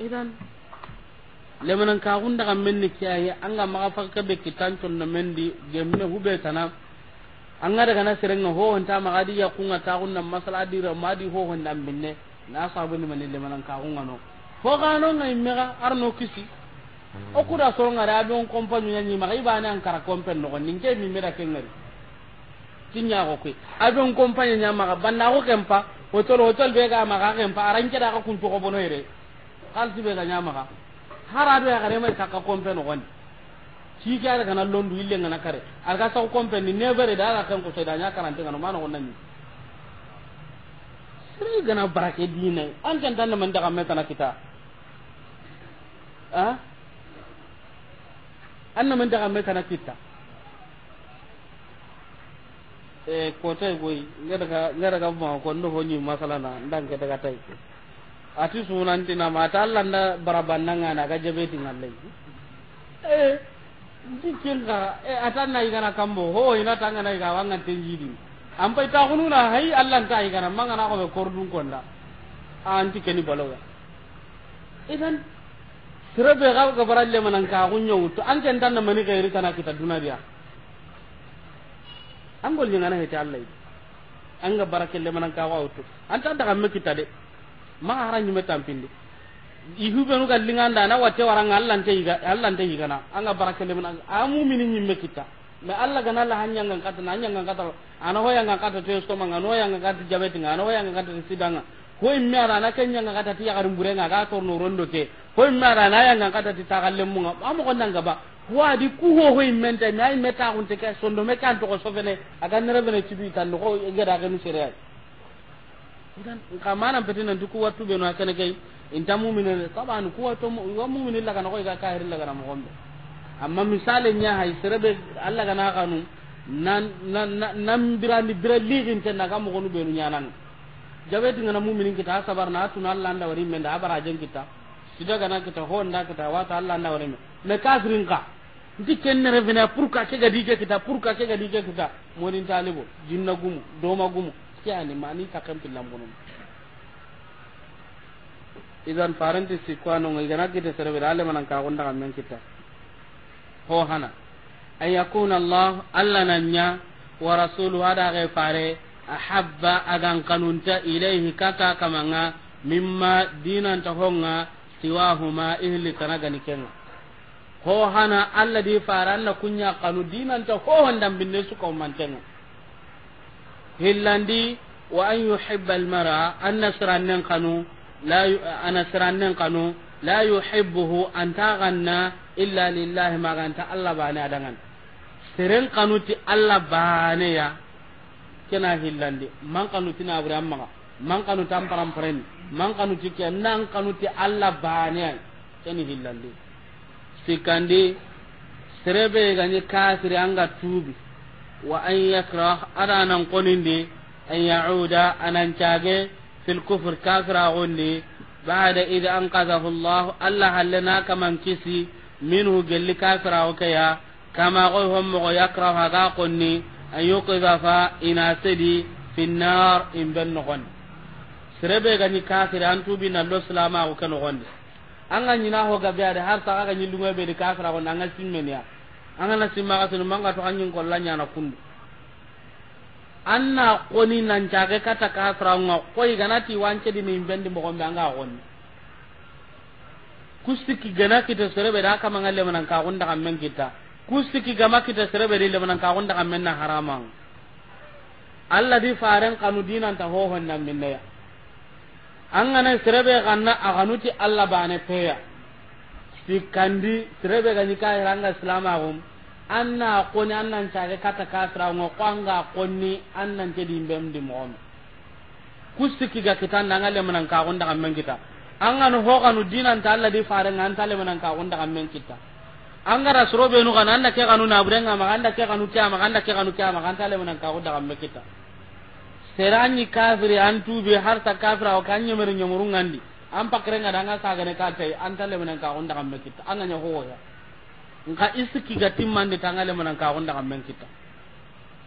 idan lemanan ka kun daga men ni kiyaye an ga maka fakka be kitan ton na men di gemme hube tanam an ga daga na serenga ho honta ma adiya ya kunga ta kunna masala adira ma adi ho honna minne na sabu ni manille manan ka hunga no fo ga no ngai mega arno kisi hmm. o kuda so ngara abe on kompanyu nya ni maka ibana an kara kompen no ni ninge mi mera ngari tinya ko kwi a on kompanyu nya ba na ko kempa hotel to be ga ga kempa ke da ka kunto ko bono ire kalsi be ga nya hara do ya ne mai ka kompen no ni. ci ga kana londu ille ngana kare ga sa kompen ni never e da ala kan ko sai da nya karante ngano ma no nan sere gana barake dine an tan tan man daga meta na kita ha an na man daga meta na kita e eh, ko tay boy ngada ga ngada ko ndo honi masala na ndan ke daga tay ati sunanti na mata Allah na baraban nan eh, eh, na ga jabe tin Allah eh dikin ga e atan na igana kambo ho ina tanga na ga wangan tin jidi an pai ta kununa hay allah ta igana manga na ko be kordun konda anti keni baloga idan sirabe ga ga baralle manan ka gunyo to an kan tan mani gairi kana kita dunariya an gol nyana hete allah an ga barakelle manan ka wa to an ta daga me kita de ma haran nyume tampindi ihube nu gallinga nda na watte waranga allah ta iga allah ta yi gana an ga barakelle manan amu minin nyimme kita me allah gana la hanya ngan kata nanya ngan kata ana hoya ngan kata tu esko manga no yang ngan kata jabe tinga ana hoya ngan kata sidanga ko immi ara na kenya ngan kata tiya garum bure ga to no rondo ke ko immi ara na yang ngan kata ti galle mu ngam amu ko nanga ba wa di ku ho ho immen na nay meta kun te ka sondo me kan to ko sovene aga nere bene tibi tan ko ngada ga nu sereya idan beti nan duku wattu be no akene kay intamu minen taban ku watto wa minen la kana ko ga kahir la kana mo gombe amma misalen nya hay serebe Allah kana kanu nan nan birandi biralli gin tan naga mo gonu benu nyanan jabe dinga mu minin kita sabar na tun Allah anda wari men da abara jen kita sida gana kita ho nda kita wata Allah anda wari men me kafirin ka ndi kenne revena pour ka ke gadi ke kita pour ka ke gadi ke kita monin talibo jinna gumu doma gumu kiani mani takam pilam gunum idan parenti sikwano ngai gana kita serbe dale manan ka gonda kan men kita ho hana an yakuna allah alla nanya wa rasulu ada ga fare ahabba agan kanunta ilayhi kaka kamanga mimma dinan ta honga siwahuma ihli kanaga nikenga ho hana alla di fara alla kunya kanu dinan ta ho handam binne su ko mantenga hillandi wa an yuhibba al mar'a an nan kanu la an nan kanu la yuhibbuhu an taganna illa lillahi maganta allah bane adangan seren kanuti allah bane ya kena hillandi man kanuti na bure amma man kanuti am paramparen man kanuti kenan kanuti allah bane kena hillandi sikandi serebe gani kafiri anga tubi wa an yakrah ada nan konindi an yauda anan chage fil kufr kafra gonni ba'da idh anqadhahu allah allah halana kaman kisi minhu gelli kafira o keya kama koy hommogo yakrahu aga konni an fa ina sedi fi nnar in ben nogondi serebe gani kafira an tubi nallo silamaku ke nogondi an ga ñina hogabe ade har saga ga ñillungoɓedi kafira kondi an ga simmeniya an gana simmaga sinu manga to an ñinkolla ñana kundu an na koni nancage kata kafira nga koy ganati wancedi ni in bendi mogonɓe an ga konni kustiki gana kita serebe da kama alle manan ka gonda men kita kustiki gama kita serebe de manan ka da kamen na haraman Allah di faran kanu dinan ta ho hon nan minne an ngana serebe ganna kanuti Allah bane peya sikandi serebe gani ka ranga islamagum anna qoni annan tare kata kasra ngo kwanga qoni annan tedi mbem di mom kustiki ga kita nan ngalle manan ka gonda men kita angano hoganu dinan ta Allah di farenga anta le manan ka gonda kan men kita angara be nu kan anda ke kanu na buren ga maganda ke kanu kya maganda ke kanu kya ma anta le menan ka gonda kan men kita serani kafiri an antu be ta kafira o kan kanye mer ngandi an pakre nga danga saga ne ka tai anta le manan ka gonda kan men kita anganya hoya nka isiki ga timmande tangale manan ka gonda kan men kita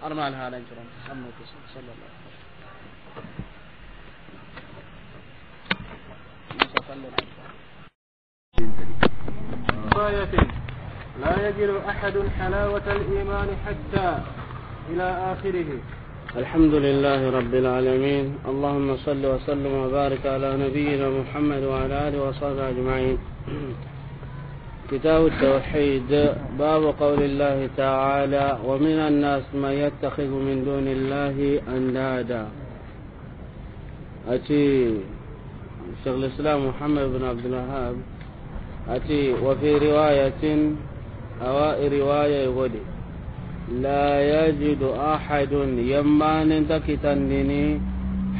arman halan curam sallallahu alaihi wasallam آية. لا يجد أحد حلاوة الإيمان حتى إلى آخره الحمد لله رب العالمين اللهم صل وسلم وبارك على نبينا محمد وعلى آله وصحبه أجمعين كتاب التوحيد باب قول الله تعالى ومن الناس من يتخذ من دون الله أندادا أتي شيخ الإسلام محمد بن عبد الوهاب أتي وفي رواية أو رواية غدي لا يجد أحد يمان تكتنني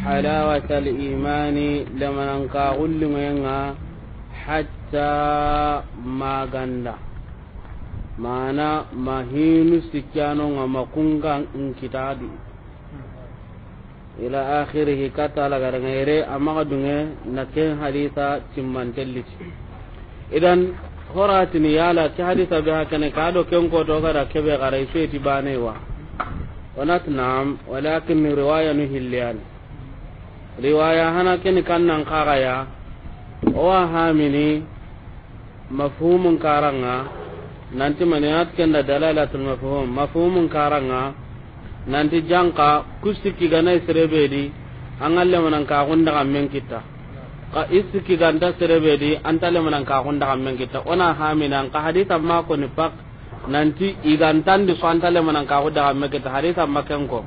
حلاوة الإيمان لمن نقاغل مينا حتى ما غندا معنى ما هينو سكيانو وما كنغا انكتادي ila akhirih kata la garangere amma dunge nakke haditha timman telliti idan horatini yala ke haditha be hakane kado ken ko to gara kebe gara iseti bane wa onat nam walakin riwaya nu hilyan riwaya hana ken kannan qaraya o hamini mafhumun karanga nanti maniat ken dalalatul mafhum mafhumun karanga nanti janka kusti serebe di angalle manan ka gonda kamen kita ka isti serebe di antale manan ka gonda kamen kita ona haminan ka hadita ma ko ni pak nanti igantan di so antale manan ka gonda kamen kita hadita ken ko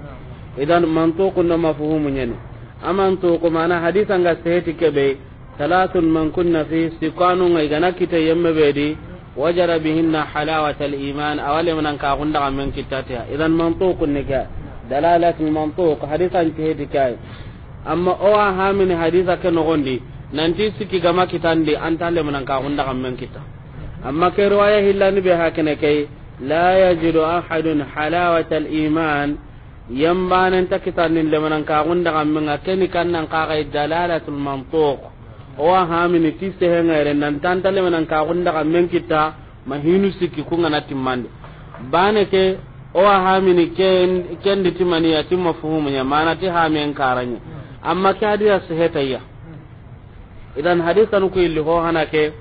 idan mantuqun na mafhumu yani. aman to ko mana hadita nga sehti kebe salatun man kunna fi siqanu ngai gana kita yemme bedi وجر بهن حلاوة الإيمان أولي من أنك أغندق من كتاتها إذا منطوق النكاء دلالة المنطوق حديثا تهدكاي أما hadisa هامن حديثا كنغندي nanti siki gama kitandi antalle munan ka hunda kammen kita amma ke riwaya hillani be hakene kai la yajidu ahadun halawata al-iman yambanan takitani le munan ka hunda kammen akeni kannan ka ga dalalatul mantuq owa hamini ti sehengere nan tantale menan ka gunda ka men kita mahinu sikki kunga na timmande bane ke owa hamini ken di timani ya timma fuhumu nya mana ti hamen karanya amma ka dia sehetaya idan hadisan ku illi ho ke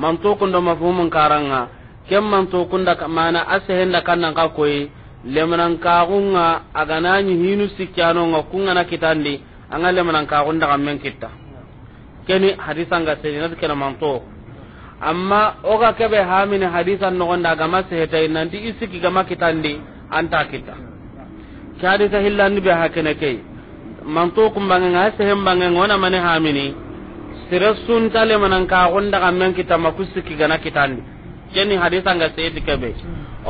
man to kun do mafhumun karanga kem man to kun da mana asehenda kannan ka koyi lemanan aga aganani hinu sikkano nga na kitandi anga ka kagun da men kita keni hadisa nga sey nat kana manto amma oga kebe hamini hadisa no gonda ga nanti isiki ga makitandi anta kita ki hadisa hillan be hakene kay manto kum bangen ga sehem bangen wona mane hamini sira sun tale manan ka gonda ga men kita makusiki ga nakitandi keni hadisan ga sey dikabe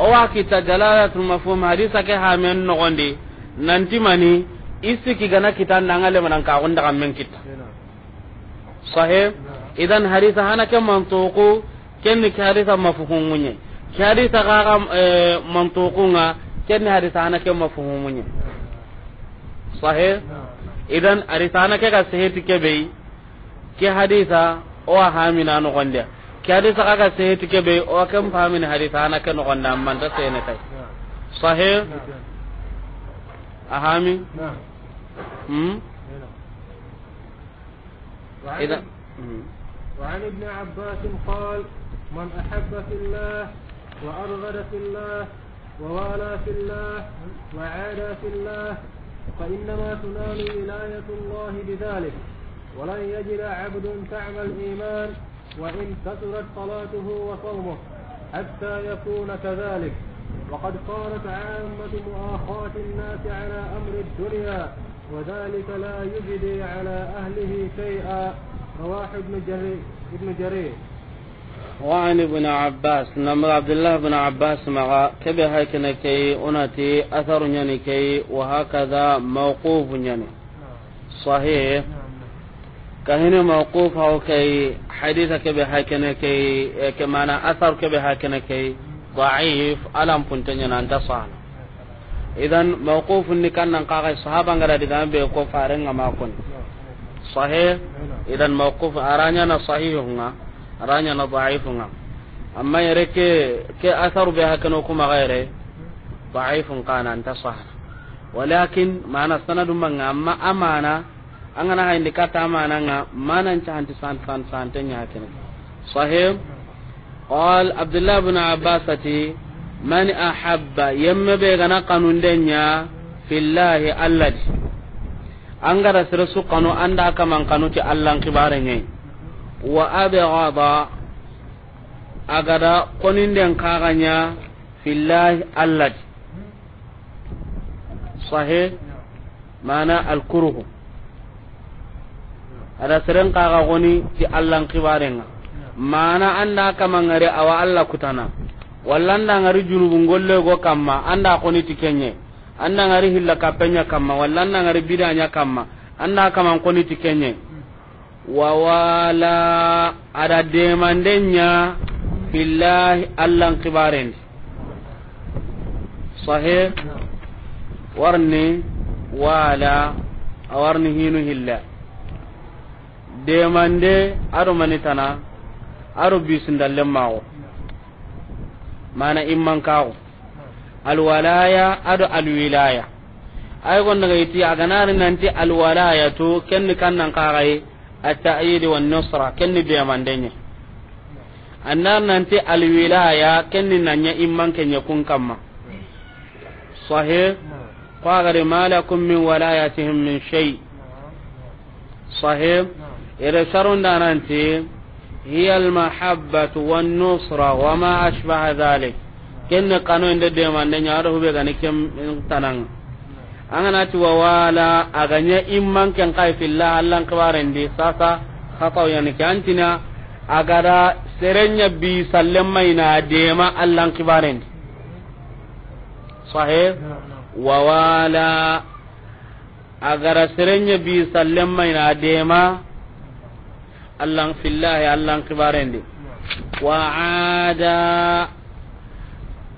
o wa kita dalalatul mafhum hadisa ke hamen no nanti mani isiki gana nakitandi ngale manan ka gonda ga men kita sahih idan haditha hana ke mantuqu kenni ke haditha mafhumunye ke haditha ga e, mantuqunga kenni haditha hana ke mafhumunye sahih idan haditha hana ke ga sahih ke bei ke haditha o hamina no gonde ke haditha ga ga sahih ke bei o kan famin haditha hana ke no gonde amman ta sai ne kai sahih ahami hmm وعن إذا وعن ابن عباس قال من أحب في الله وارغد في الله ووالى في الله وعادى في الله فإنما تنال ولاية الله بذلك ولن يجد عبد تعمى الإيمان وإن كثرت صلاته وصومه حتى يكون كذلك وقد قالت عامة مؤاخاة الناس على أمر الدنيا وذلك لا يجدي على أهله شيئا رواح ابن جرير ابن جرير وعن ابن عباس ان عبد الله بن عباس مع كبه هكنا كي أنتي أثر يعني كي وهكذا موقوف يعني صحيح نعم، نعم. كهنا موقوف أو كي حديث كبه هكنا كي كمانا أثر كبه هكنا كي ضعيف ألم كنت أنت صحيح idan mawqufun ni kannan kaga sahaba ngara diga be ko faran ngama kon sahih idan mawquf aranya na sahihunga aranya na dha'ifun amma yare ke ke asaru be hakano kuma gaire dha'ifun kana anta sah walakin mana sanadu manga amma amana angana ha indikata amana nga manan ca hanti san san san tanya hakene sahih قال عبد الله بن عباس man ahabba yemme be gana kanundenya fillahi allah di angara sere su kanu anda kaman kanu ti allah kibare nye wa abghada agada koninden kaganya fillahi allah di sahih mana alkuruhu ada seren kaga goni ti allah kibare nga mana anda kaman ngare awa allah kutana wallanda ngari junubun bungolle go kamma anda koni tikenye anda ngari hilla kapenya kamma wallanda ngari bidanya kamma anda kama koni tikenye wawala ada demandenya billahi allan kibaren sahih warni wala awarni hinu hilla demande aro manitana aro bisindalle mawo mana imman kawo alwalaya ado alwilaya ay gon daga yiti nan nanti alwalaya to kenni kannan kagai at-ta'yid wan nusra kenni be mandenye nan nanti alwilaya kenni nanya imman kenya kun kamma sahih qagare malakum min walayatihim min shay sahih ire sarunda nanti هي المحبة والنصرة وما أشبه ذلك كن قانو إن ديما نيا هذا هو بيغاني كم تنان أنا ووالا أغني إمان كان قايف الله الله كبارين دي ساسا خطأ يعني كانتنا أغرا سرنيا بي سلم ما ديما الله كبارين صحيح ووالا اغرا سرنيا بي سلم ما ديما allan fillahi allan kibarendi wa ada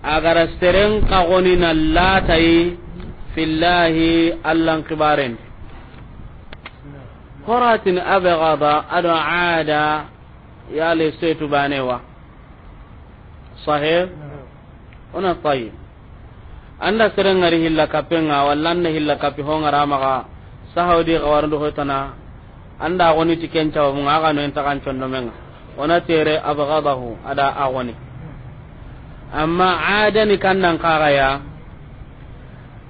agara seren kagonina latayi fillahi allan kibarendi horatin abegada ado ada yale setu banewa sahih ona tayyib anda serengari hilla kapenga walla hilla kapi hongara maga sahodi gawarndo hoytana anda agoni ti ken cawa mun aga no enta kan condo menga ona tere abghadahu ada agoni amma adani kannan kaga ya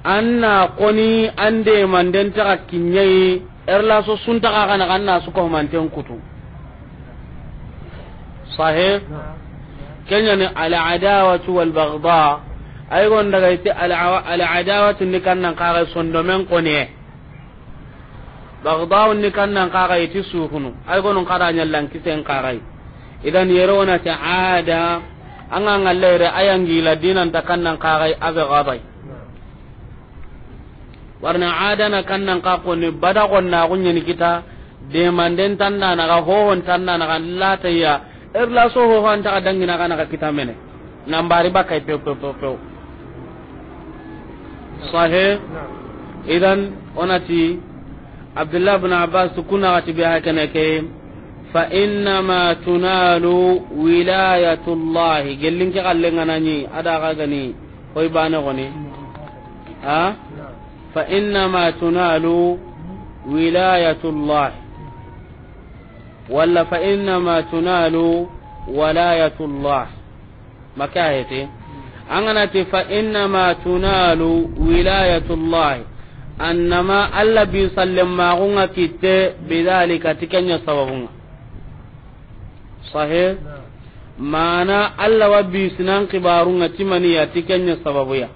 anna koni ande manden ta kinyai erla so sunta kaga na kanna su ko manten kutu sahe kenya ni ala adawatu wal baghdha ay gon daga ite ala adawatu ni kannan kaga sondo men koni e. bagdaun ni kannan kaga iti suhunu ay gonun kada nyallan kisen kagai idan yerona ta ada anga ngalere ayangi la dinan ta kannan kagai abe gabai warna ada na kannan ka ko ni bada ko na kunya ni kita de manden tan na ga hohon tan na ga lata ya er la so ho han ta dangina kana ka kita mene nambari bakai pe pe pe pe sahe idan onati عبد الله بن عباس كنا بها كنكيم فإنما تنال ولاية الله قال لنك قال لنناني أدا غني خيبا نغني ها فإنما تنال ولاية الله ولا فإنما تنال ولاية الله مكاهتي أنا فإنما تنال ولاية الله annama alla bi sallam ma gunga kitte bidalika tikanya sababunga sahih mana alla wa bi sinan kibarunga timani ya tikanya sababuya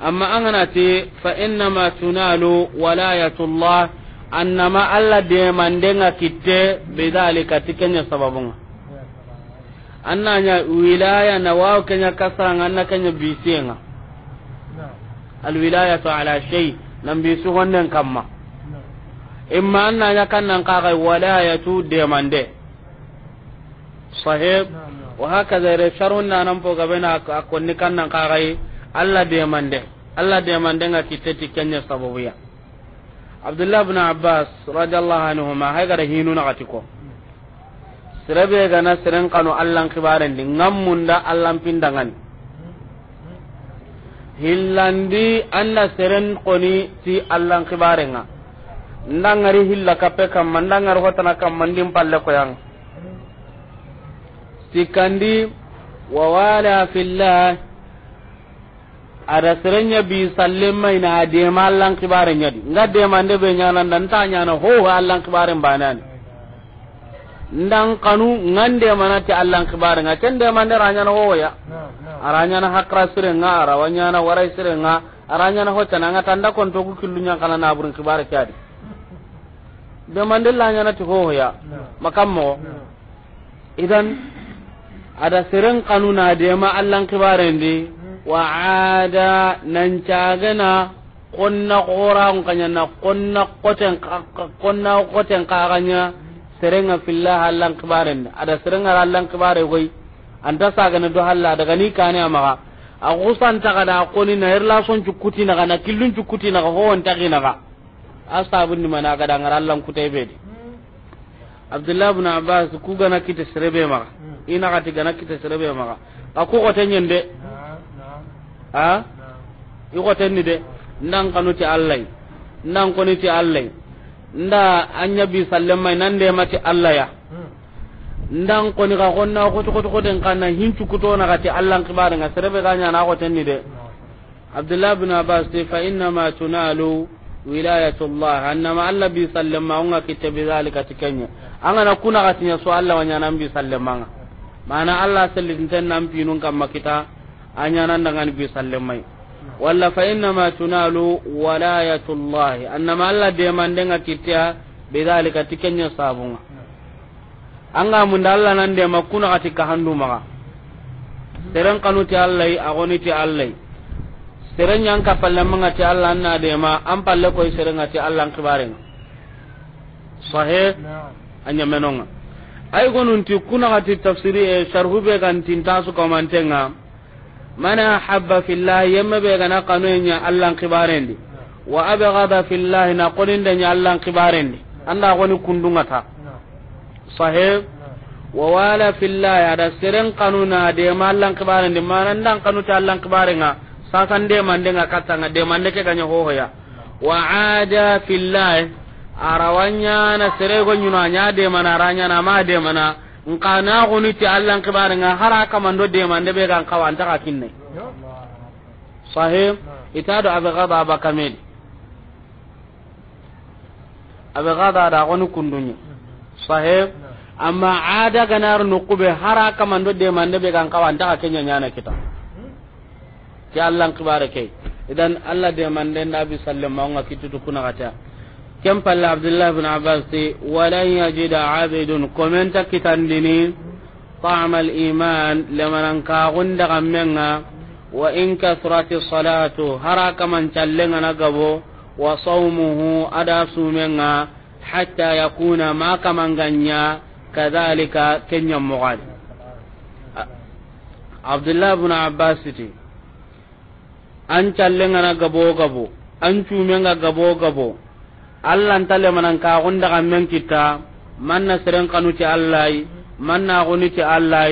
amma angana te fa ma tunalu walayatullah annama alla de mandenga kitte bidalika tikanya sababunga annanya wilaya na wa kenya kasanga na kenya bisenga alwilayatu ala shay' nan bi su gonden kamma imma an nanya kan nan ya tu de mande sahib wa hakaza re sharun nan nan poga bena ni kan nan kai alla de mande alla de mande ga kitati kenya sababuya abdullah ibn abbas radiyallahu anhuma haga da hinu na katiko sirabe ga na siren kanu allan kibaren ngam munda allan pindangan hillandi anda seren koni ti allan kibarenga ndangari hilla kappe kamma ndangari hotana kamma ndin palle koyang sikandi wawala fillah ada serenya bi sallema ina adema allan kibarenya di nga dema nde be nyana ndan ta nyana ho allan kibaren banani ndan kanu ngande manati allan kibarenga tende mandara nyana ho ya aranyana hakra sirenga arawanyana warai sirenga aranyana hotana nga tanda konto ku killunya kana na burun kibare kadi be mandilla nyana ti ho ya makammo idan ada kanuna de ma allan kibare ndi wa ada nan cagana konna qoran kanya na konna konna serenga fillah allan kibare ada serenga allan kibare anta sagana do halla daga ni kane amaga a gusan ta kada koni na irla son cukuti na kana killun cukuti na ho on tagi na ga asabun ni mana ga dangar Allah ku tebe di Abdullah ibn Abbas ku gana kita sirebe ma hmm. ina ga na kita sirebe ma a ku ko tan de ha i ko ni de ndan kanu ti Allah ndan koni ti Allah nda anya bi sallama nan de ti Allah ya ko ni ga gonna ko to ko den kana ko to na gati Allah kibare nga serebe ganya na ko tenni de Abdullah ibn Abbas te fa inna ma tunalu wilayatullah ma Allah bi sallama unga kitabi zalika tikanya anga na kuna gati nya so Allah wanya nan bi sallama mana Allah sallin tan nan bi nun kam makita anya nan dangan bi sallamai walla fa inna ma tunalu anna ma Allah de man denga kitia bi zalika tikanya sabunga anga munda alla nan de makuna ati ka handu maga allah kanuti agoni agoniti allah seren yang ka palle manga ti allah na de ma am palle koy seren ati Allah kibare sahe anya menonga ay ti kuna ati tafsiri e sharhu be kan tinta su komantenga mana habba fillah yamma be kana allah kibare ndi wa abghada fillah na qulinda nya Allah kibare ndi anda goni kundunga ta sahib wa wala fillah ada seren kanuna de mallan kibare de manandan kanuta allan kibare nga ah. sasan de mande nga katanga de mande ke ganya ho ya wa ada fillah arawanya na sere go nyuna nya de mana ranya na ma de mana nkana goni ti allan kibare nga ah. haraka mando de mande be gan kawanta ka kinne sahib itado abghada abakamil abghada da gonu kundunya sahib amma ada ganar nukube hara kaman do de mande be kan kawan ta kenya nyana kita ki allah kibare idan allah de mande nabi sallallahu alaihi wasallam kitu kuna kata kem palla abdullah ibn abbas ti walan yajida abidun komenta ta'mal iman kitandini ka gunda لمن wa in منها وإن كثرت الصلاة هراك من تلنا wa sawmuhu ada sumenga hatta yakuna ma kamanganya kadhalika kenya mugal abdullah an challe ngana gabo an cume nga gabo gabo allah ntale manan ka gonda kan men kita manna seren kanu ti allah manna goni ti allah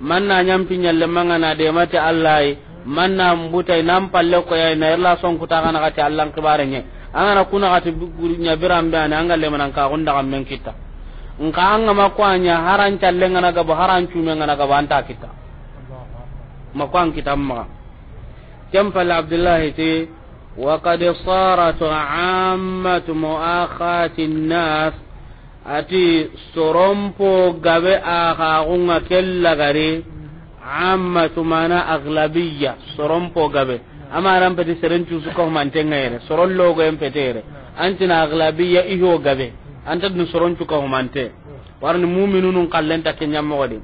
manna nyampi nyalle kuta kana ka ti angana kuna ati guri nya birambe ana anga le ka gonda kam men kita nka anga makwanya haran challe ngana gabo haran chume ngana gabo anta kita makwan kita ma kem pal abdullah ti wa qad sarat ammat muakhati nas ati sorompo gabe aha gunga kella gare ammatu mana aglabiyya sorompo gabe ama ran peti seren cusu ko man tengere soron logo en petere antina aglabiya iho gabe anta dun soron cu ko man te warni mu'minunun kallenta kenyam mogodi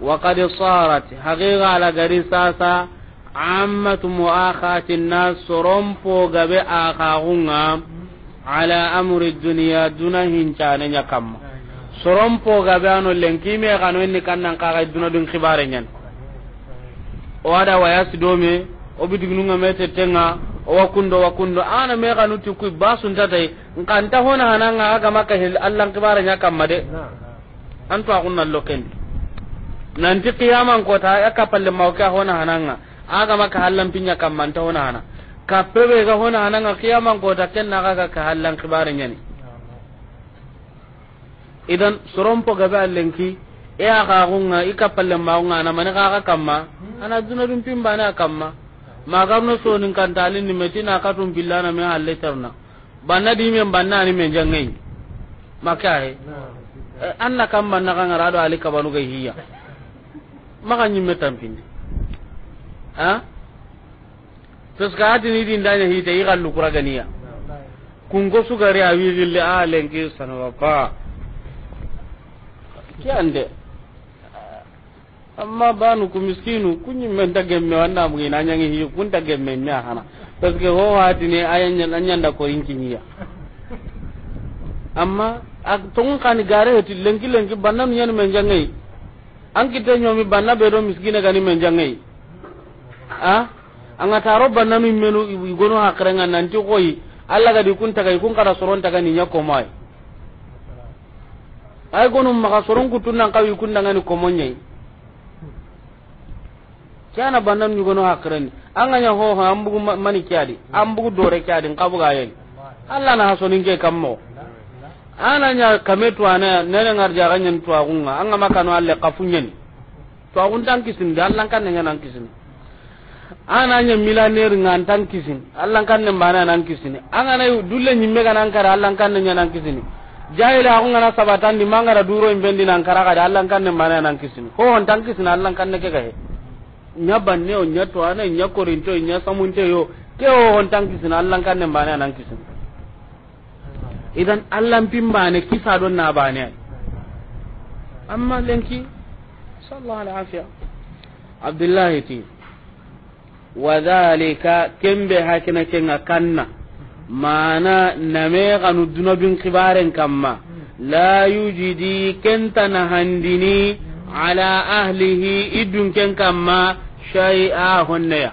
wa qad sarat haqiqa ala gari sasa ammatu muakhati nas soron po gabe akagunga ala amri dunya duna hincane nyakam soron po gabe ano lenkime kanu ni kannan kaga duna dun khibare nyen o ada wayas dome obidiginunga kundo owakundo wakundo ana me ganuti kuy basuntatay nkanta hona hananga agamaka hel allankibaraña kamma de antu akunnallo kendi nanti qiyaman kota ya kapalle mawka hona hananga aga maka hallan pinya kam manta hona hana kapebe ga hona hananga qiyaman kota kenna aga ka hallan kibare nyani idan sorompo gabe allenki e aga gunga ikapalle maunga na mani aga kamma hmm. ana dunadum pimbana kamma magarno sonin kantani ni metina katum billana me halle terna banna di men banna ni men jangai maka he eh, anna kam manna kan arado ali kabanu ga hiya maka nyi metam pin ha tos ka adi ni din danya hite yi kallu kura ganiya kun go su gari awi gille a ah, lenki sanwa pa ki ande amma banu ku miskinu kunyi men ta gemme wanda mu ina nyangi hi kun ta gemme nya hana parce que ho hati ne ayan nyan anyan da ko inki niya amma ak tong kan gare ti lenki lenki banna mi yan men jangai an kita nyomi banna be do miskina gani men jangai a anga taro banna mi menu igono hakrenga nanti koi alla ga di kun ta kai kun kada soron ta gani nya komai ay gonum maka soron kutun nan kawi kun dangani komonyai kana bannan nyugo no hakren anganya ho ha ambugu mani kyadi ambugu dore kyadi kabuga yen alla na haso ninge kammo ananya kametu ana nene ngarja ganyen to agunga anga makano alle kafunyen to agun tan kisin da allan kan nan nan kisin ananya milaner ngan tan kisin allan kan nan bana nan kisin anga na dulle nyimme kan an kara allan kan nan nan kisin jahila agunga na sabatan di mangara duro imbendi nan kara kada allan kan nan bana nan kisin ho on tan kisin allan kan ne ke nya banne o nya to ana nya korinto nya samunte yo ke o on tanki sin allah kan ne bana nan kisin idan allah pin bana kisa don na bane amma lenki sallallahu alaihi afiya abdullahi ti wa dhalika kembe hakina kenga kanna mana name kanu dunobin kibaren kamma la yujidi kentana handini ala ahlihi idun ken kamma shay'a honneya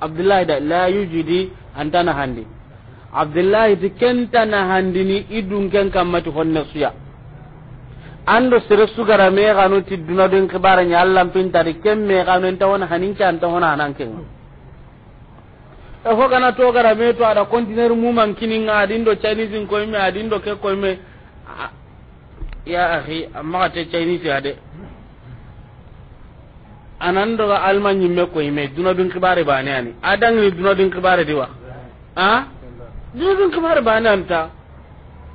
abdullahi da la yujidi antana handi abdullahi ti kentana handini idun ken kamma ti honne suya ando sere sugara me ti duna den kibara nya allah pintari me ganu enta wona hanin kan ta wona nan ken e ho kana to gara me to ada container mu man kinin adin do chinese ko me adin do ke ko me ya akhi amma ta chinese ade anan daga alma nyimme ko ime duna dun kibare bane ani adang ni duna dun kibare diwa a duna dun kibare bane anta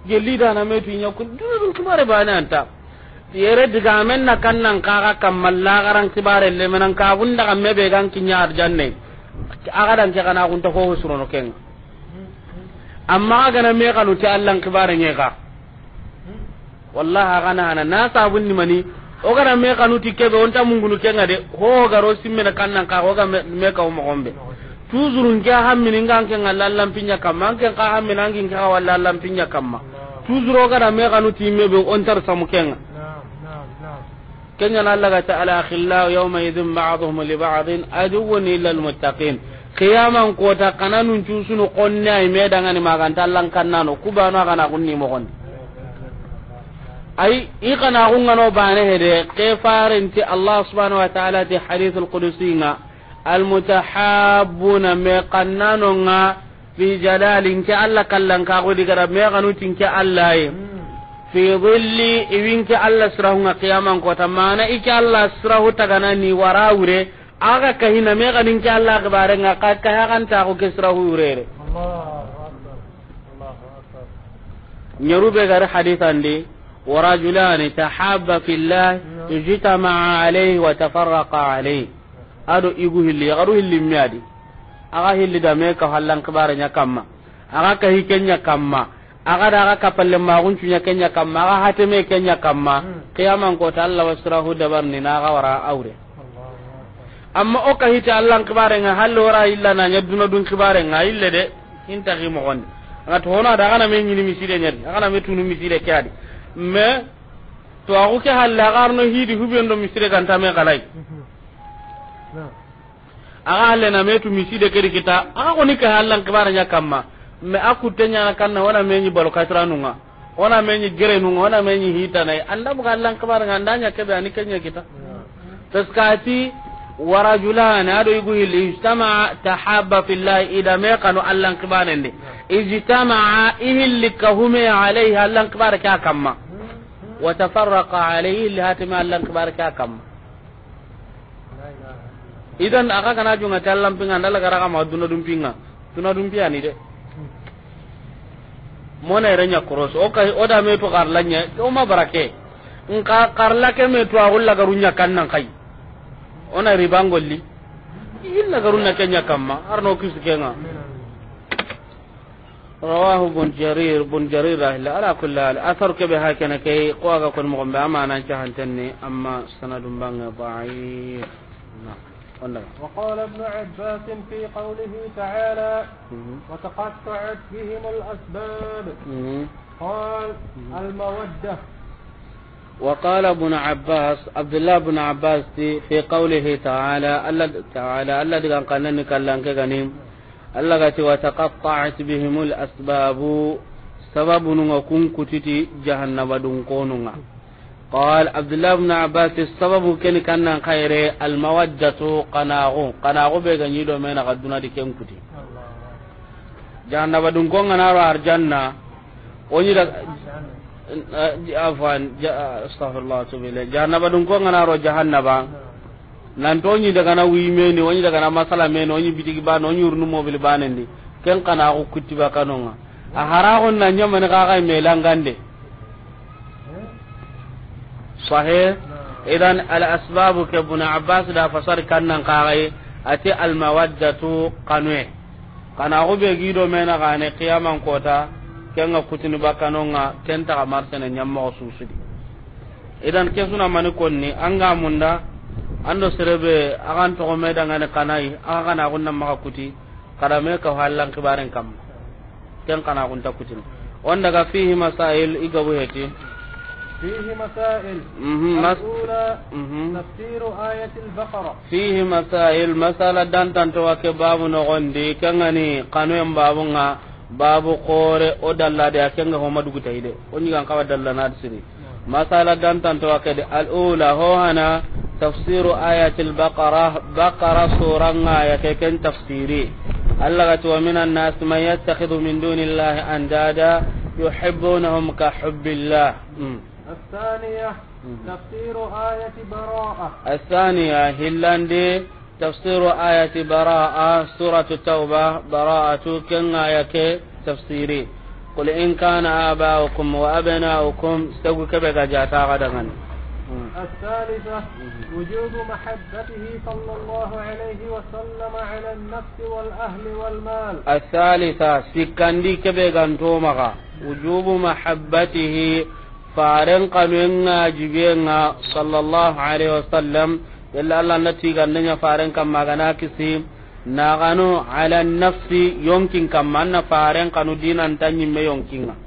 gelli da na metu nya ko duna dun kibare bane anta yere diga men na kannan ka kammalla garan kibare le menan ka bunda kan mebe gan kinya arjanne aga dan ke kana kun ta ko no ken amma ga na me kanu ta allan kibare nya ka wallahi aga na na sabun ni mani o gara me kanu tikke be onta mungunu kenga de ho garo na kannan ka ho ga me ka gombe mogombe toujours nke hammini ngan nge ngalla lampinya kamma nke ka hammini angin ka walla lampinya kamma toujours o gara me kanu timme be onta sa samu kenga kenya Allah ga ala khilla yawma idhin ba'dhum li ba'dhin aduwwun illa almuttaqin qiyaman kota kananun cusunu qonna ay me dangani maganta lan nano kubano kana kunni mo gonde ay i kana kungano bane hede farenti allah subhanahu wa ta'ala ti hadithul qudusi nga almutahabbuna me kannano fi jalalin ke allah kallan ka gudi allah fi dhilli iwinke allah sirahu nga qiyaman kota mana ike allah sirahu tagana ni warawure aga kahina me kaninke allah kibare nga ka kahakanta ko ke sirahu urere nyarube gari hadithandi ورجلان تحابا في الله اجتمعا عليه وتفرقا عليه ado igu hilli agaru hilli miadi aga hilli da meka hallan kibare nya kamma aga ka hikenya kamma aga da aga kapalle ma gunchu nya kenya kamma aga hate me kenya kamma qiyaman ko ta Allah wasrahu dabar ni na aga wara aure amma o ka hita allan kibare nga hallo wara illa na nya duna dun kibare nga ille de inta gi mo gon aga to hono da aga na me nyini misire nya aga na me tunu misire kyadi me to aku ke halla garno hidi hubi ndo misire kan tame kalai aga halle na metu miside kedi kita aga koni ke hallan kibara nya kamma me aku tenya kan na wana menyi balo katranunga wana menyi gere gerenunga wana menyi hita hitanai anda buka hallan kibara ngandanya kebe ani kenya kita taskati ورجلان هذا يقول اجتمع تحابا في الله إذا ما كانوا ألان كبارن اجتمع إهلك هم عليه ألان كبار كاكما wa tafarraqa alayhi lihatimi allan kibarka kam idan aka kana junga tallan pinga ndala garaka ma duna dum pinga duna dum piani de mona renya cross o kai o da me to karlanya o ma barake in ka karla ke me to agulla garunya kannan kai ona ribangolli illa garunya kenya kamma arno kisu kenga رواه بن جرير بن جرير أهل على كل حال أثر كبه هكذا كي قواغا كن مغم بأما أنا أما سند بان ضعيف نعم وقال ابن عباس في قوله تعالى وتقطعت بهم الأسباب قال المودة وقال ابن عباس عبد الله بن عباس في قوله تعالى الذي تعالى الذي كان قال لك allagati wataqaṭṭa'at bihim al sababu kun kutiti jahannama dun konunga sababu al-mawajjatu qanaqu qanaqu be ganyi do mena jahannama dun konga arjanna da eh, jahannama dun konga jahannama nanto onyi daga na wimeni onyi daga na masala meni onyi bitigi bana onyi urnu mobil banendi ken kana ko kuttiba kanonga a hara on na nyama ne kaga langande. sahih idan al asbabu ke ibn abbas da fasar kannan kaga ati al mawaddatu qanwe kana ko be gido mena kane qiyaman kota ken ga kutini bakanonga ken ta ne marsene ko susudi idan kesuna mani konni anga munda ando serebe agan to me da ngane kanai aga na gunna ma kuti kada me ka halan kibaren kam ken kana gun ta kuti on daga fihi masail igabu heti fihi masail mhm masura mhm tafsiru ayati al-baqara fihi masail masala dan tan to ke babu no gonde ken ani kanu em babu nga babu qore o dalla de ken ga homa dugu tayde on yi kan kawa dalla na siri masala dan tan to ke al-ula ho hana تفسير آية البقرة بقرة سورة آية كن تفسيري اللغة ومن الناس من يتخذ من دون الله أندادا يحبونهم كحب الله الثانية تفسير آية براءة الثانية هلاندي تفسير آية براءة سورة التوبة براءة كن آية تفسيري قل إن كان آباؤكم وأبناؤكم سوي جاتا غدغني الثالثة وجود محبته صلى الله عليه وسلم على النفس والأهل والمال الثالثة سكندي كبيغان تومغا وجوب محبته فارن قنوين جبين صلى الله عليه وسلم إلا الله نتي غنيا فارن كما غناكسي ناغانو على النفس يمكن كما أن فارن قنو دينا تنمي يمكنها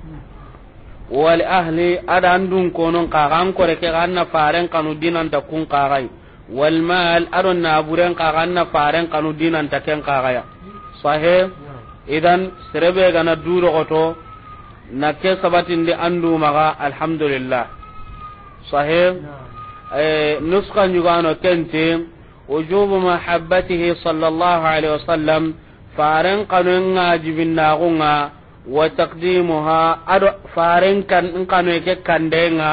wal ahli adan dun konon kagan kore ke ganna faren kanu dinan da kun kagai wal mal adon na buren kagan na faren kanu dinan da ken kagaya sahe idan serebe gana duro goto na ke sabatin de andu maga alhamdulillah sahe eh nuska nyugano kente وجوب محبته صلى الله عليه وسلم فارن قانون جبنا غنا وتقديمها أدو faren kan in kanu ke nga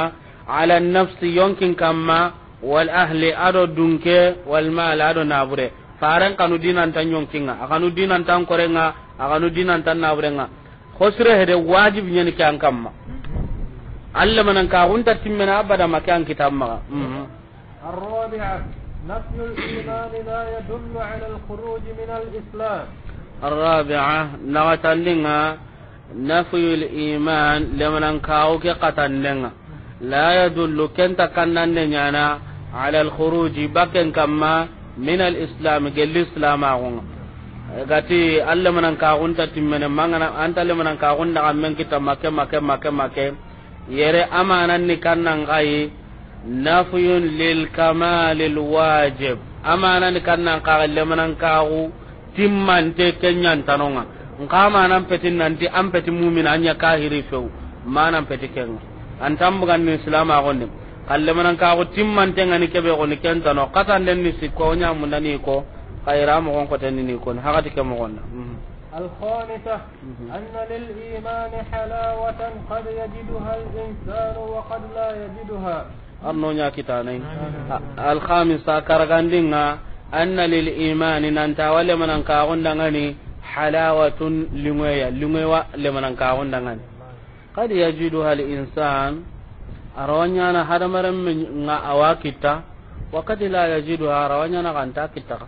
ala nafsi yonkin kamma wal ahli ado dunke wal mal ado nabure faren kanu dinan tan yonkinga akanu dinan tan kore korenga akanu dinan tan nga khosre hede wajib nyani kan kamma alla manan ka gunta timmena abada makan kitamma الرابعة نفي الإيمان لا يدل على الخروج من الإسلام الرابعة نغتلنا nafyul iman lemanan kawo ke katandenga la yadullu kenta ne nyana ala al khuruji baken kamma min al islam gel islam agunga gati alla manan ka gunta timmene mangana anta alla manan ka gunda ammen kita make make make make yere amanan ni kannan gai nafyun lil kamal al wajib amanan kannan ka alla manan ka timman te kenyan tanonga nka manan nan nanti an peti mumin anya kahiri few manan peti ken an tambugan ni islam agonde kalle manan ka ko timman tenga ni kebe ko ni ken tano katan den ni sikko nya mun nan ni ko khaira mo gon ko tan ni ko mm-hmm. Mm-hmm. ha hakati ke mo gonna الخامسة أن للإيمان حلاوة قد يجدها الإنسان وقد لا يجدها أرنو يا كتاني الخامسة كرغاندينا أن للإيمان ننتا ولمن أنكا غندغني halawatun lingoya lingoya ka kawon ngani qad yajidu hal insan arawanya na hadamaran min nga awakita wakati la yajidu arawanya na kanta kita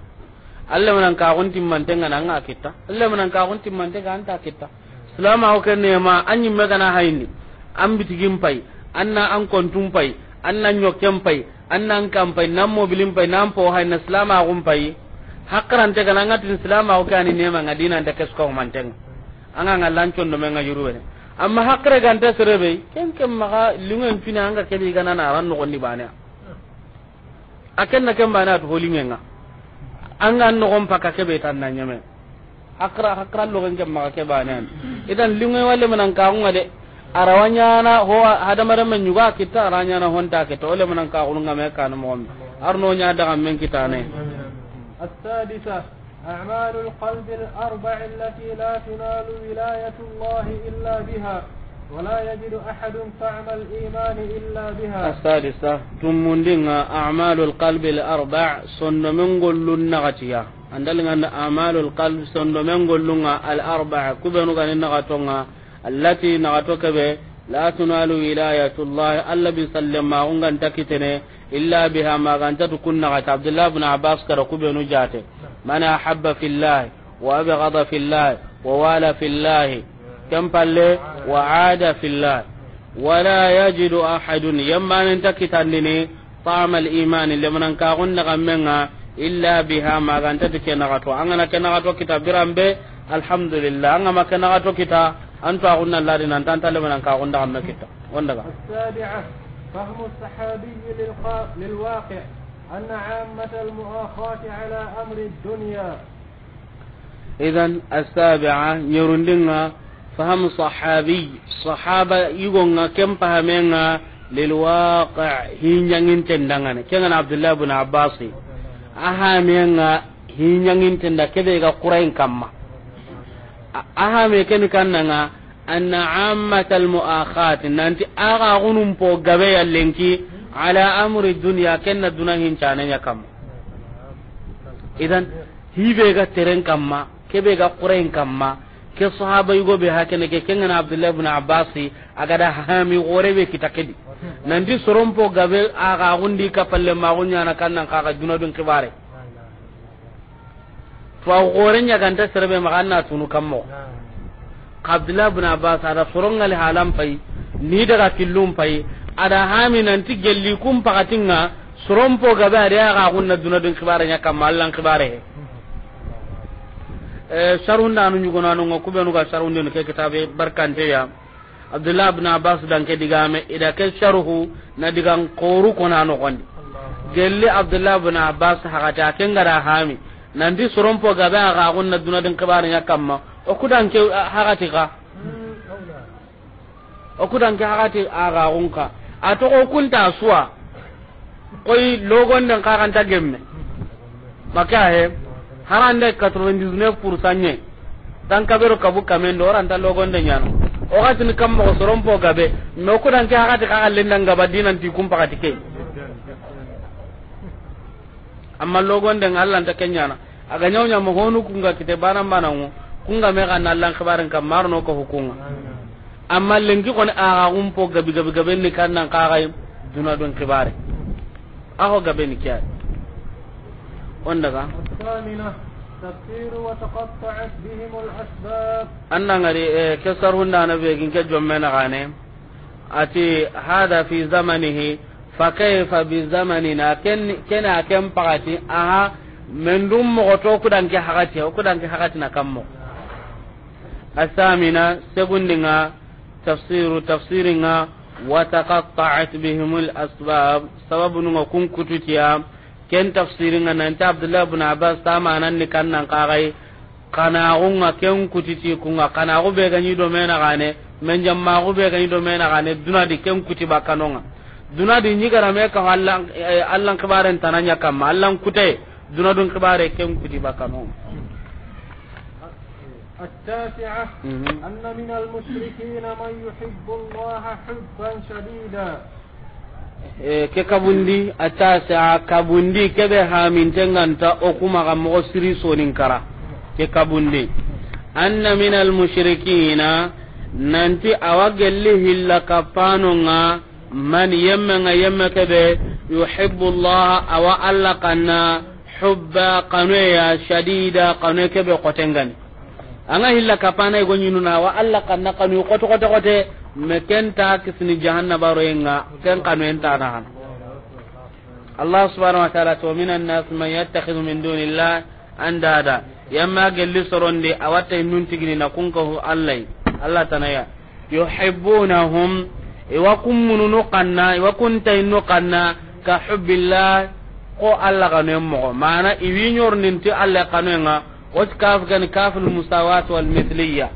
alle manan kawon timmantenga na nga kita alle manan kawon timmantenga anta kita salama o ken nema anyi megana hayni an bitigin pai anna an kontum pai anna nyokem pai anna an kan pai nan mobilin pai nan po haina selama agun hakkarante kana anga tin islam aw kani nema nga dina nda kes ko manten anga nga lancon me menga yurwe amma hakkare ganta serebe ken ken maka lungen fina anga kebi gana na ran no gonni bana akan na kan bana to holingenga anga no gon paka kebe tan na nyame hakra hakra lo gon jam maka kebana idan lungen walle manan ka ngunga de arawanya na ho hadamare men nyuga kita aranya na honta ke to le manan ka ngunga me kan mo arno nya daga men kitane السادسة أعمال القلب الأربع التي لا تنال ولاية الله إلا بها ولا يجد أحد طعم الإيمان إلا بها السادسة ثم أعمال القلب الأربع صن من قل نغتيا عندنا أن أعمال القلب صن من قل الأربع كبنو غن التي نغتوك به لا تنال ولاية الله ألا بيسلم ما غن تكتنه illa biha magantatu kunnagati abdullah bnu abbas kara kubenu jate man ahaba fillahi wa wa wala fillahi ken wa wala yajidu ahadun yemmanenta kitandini طعم الإيمان لمن إلا بها ما غنتت كنغتو أنا كنغتو الحمد لله أنا ما كنغتو الله لنا أنت السابعة فهم الصحابي للواقع أن عامة المؤاخاة على أمر الدنيا إذا السابعة يرندنا فهم صحابي صحابة يقولنا كم فهمنا للواقع هينجين تندعنا كان عبد الله بن عباس أهمنا هينجين تندع كذا يقول قرين كما أهم كن كنا anna ammatal muakhat nanti aga gunum po gabe yallenki ala amri dunya kenna dunahin cananya kam idan hibe ga teren kamma kebe ga qurain kamma ke sahaba yugo be hakene ke kenna abdullah ibn abbas aga da hami gorebe kitakedi nanti sorompo gabe aga gundi kapalle magunya na kannan kaga dunadun kibare fa gorenya ganta serbe naa tunu kammo abdullah ibn abbas ada ali halam pai ni daga killum pai ada hami nanti gelli kum pakatinga sorompo gabe ada ga kunna dunadun khibaranya kamallan khibare e eh, sarunda anu nyugo nanu ngokube nu ga sarun ne ke kitabe barkante ya abdullah ibn abbas dan ke digame ida ke sharuhu na digan koru ko nanu gondi gelli abdullah ibn abbas hakata ken gara hami nanti sorompo gabe ga kunna dunadun nya kamma okudan ke ah, hagati ka okudan ke hagati aga gunka atoko kunta suwa koy logon den karanta gemme maka he harande 99% nye tan kabero kabu kamen do oranta logon den nyano wakati ni kam ko soron po gabe me okudan ke hagati ka lenda ngaba dinan ti kumpa katike amma logon den Allah ta kenyana aga nyawnya mo honu kunga kite banan bananwo kunga me kan nallan kabarin kan marno ko hukunga amma lengi kon a ga umpo gabi gabi gabi ni kan nan ka gai duna don kabare aho gabi ni kya onda ga annan gari kasar hunda na be gin ke jomme na gane ati hada fi zamanihi fa kayfa bi zamanina ken ken akem pagati aha mendum mo to kudan ke hagati ko kudan ke hagati na kammo الثامنة سبندنا تفسير تفسيرنا وتقطعت بهم الأسباب سبب نكون كتتيا ken tafsiringa nanti abdullah bn abbas tamananni kannan kaxay kanaxunga ken kana kutitikunga kanaxu ɓegani domena xane men do ɓegani domena xane dunadi ken kuti bakkanonga dunadi ñigarame kaxo allan xibaren tananya kamma allan kute dunadun xibare ken kuti bakkanonga التاسعة أن من المشركين من يحب الله حبا شديدا ke kabundi a tasa kabundi ke be hamintenganta o kuma ga mogo siri sonin kara ke kabundi anna min almushrikina nanti awa gelli hilla kappanonga man yemme nga yemme kebe yuhibbu llaha awa allah kanna hubba kanueya shadida kanue kebe kotengani anga hilla kapana go na wa alla kanna kanu koto koto kote me kenta kisni jahannaba royenga ken kanu enta na han allah subhanahu wa ta'ala to minan nas man yattakhidhu min dunillah andada yamma gelli soronde awatta nun tigini na kunka allah allah tanaya yuhibbunahum wa kummunu no kanna iwa kuntai ka hubbillah ko allah kanu mo mana iwi nyorninti allah kanu nga wati kaf gani kafil musawat wal mithliya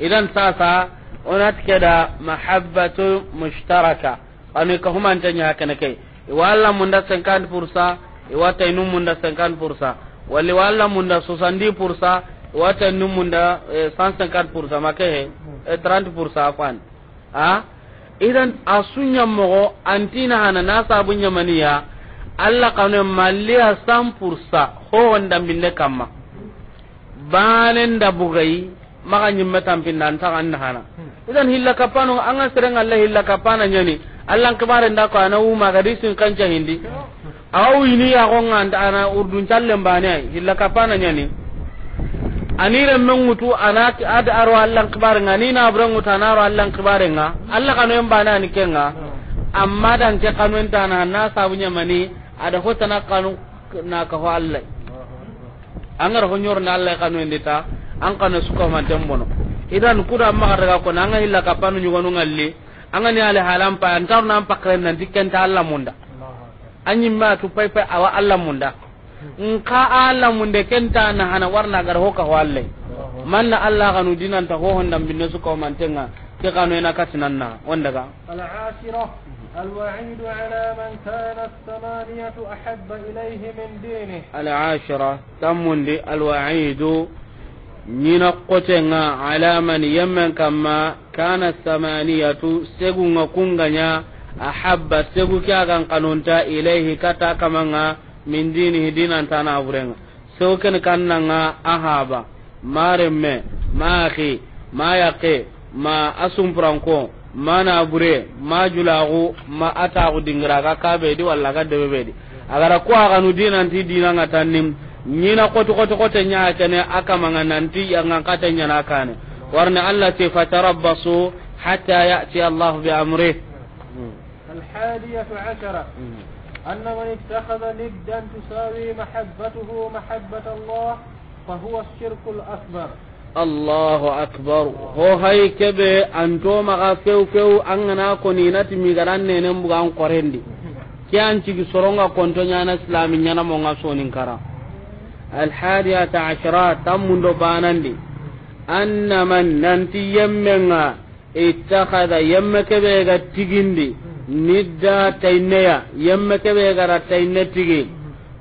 idan sasa onat keda mahabbatu mushtaraka ani ka humanta nya kana kai walla munda 50% iwata inu munda 50% wali walla munda 70% iwata inu munda 150% make 30% afan a idan asunya mogo antina hana nasa bunya maniya alla kanu malliya 100% ho wanda minne kamma banen da bugai maka nyimme tampin nan ta kan hana hmm. idan hilla kapano anga sereng Allah hilla kapana nyani Allah kemarin da ko ana uma ga disin kanca hindi au ini ya ko nganda ana urdun challe bane hilla kapana nyani anire mengutu anati ad aro Allah kemarin ngani na abrang utana tanaro Allah kemarin nga Allah kanu embana ni kenga amma dan ke kanu ntana na sabunya mani ada hotana kanu na ka ho Allah angar honyor na Allah kanu ta an kana suka man tembono idan kuda amma daga ko nan panu kapanu nyugonu ngalli an ni ala halam pa na nan pakren nan dikken ta Allah munda anyi ma tu pai pai awa Allah munda in ka Allah munda kenta na hana warna gar ka walle manna Allah kanu dinan ta ho honda binne suka ma tenga ke kanu ina katinanna wanda ga al asira الوعيد على من كانت الثمانية أحب إليه من دينه العاشرة تم دي الوعيد نينا قتنا على من يمن كما كان الثمانية سيغو كونغنيا أحب سيغو كاغان قانونتا إليه كتا كمانا من دينه دينا تانا أبرنا سيغو كان كاننا أهابا مارمي ماخي ما يقي ما أسمبرانكو mana bure ma julagu ma atagu dingira ga kabe di walla ga debe be di agara ko aga nu dina dinan ti dinan atannim nyina koto koto te nya ne aka manga nanti yang ngata nya nakane warna allah ti fatarabbasu hatta ya'ti allah bi amri الحادية عشرة أن من اتخذ ندا تساوي محبته محبة الله فهو الشرك الأكبر allahu akbar ho hay kebe anto maga few few an gana koni inati migaran korendi ke an cigi soronga konto ñana islami ñanamonga sonin kara alhadiyata ashara tammundo banandi anna man nanti yemmenga ittakada yemme kebe ga tigindi nidda taineya yemme kebe gara tainne tigi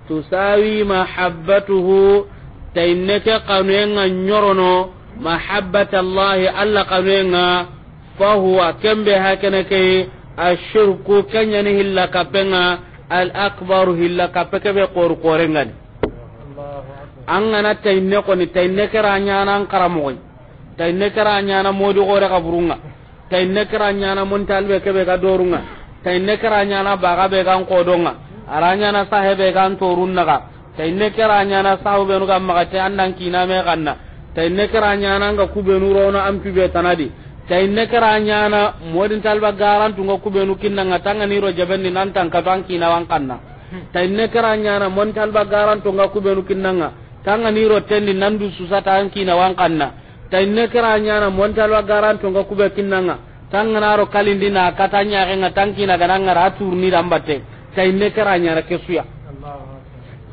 tusawi mahabbatuhu tainnete kanuenga nyorono mahabbata allahi alla kanuenga fahuwa kembe hakene ke ashirku kenyani hilla kapenga al akbaru hilla kape kebe kor korengani an gana tainne koni tainne kera nyana an karamoy tainne kera nyana modi gore tainne kera nyana ka baga be kan kodonga aranya na sahebe kan naga. tay ne kera nyana sahu be nuga magate andan kina me kanna tay ne kera nyana ga kube nu rono am kube tanadi tay ne kera nyana modin talba garantu nga kube nu kinna nga ni ro ni nan tangka ban kina wan kanna tay ne kera nyana mon talba garan nga kube nu kinna nga tanga ni ro tenni nandu susata an kina wan kanna tay ne kera nyana mon talba garantu nga kube kinna nga tanganaro kalindi na katanya nga tankina gananga ra turni dambate tay ne kera nyana kesuya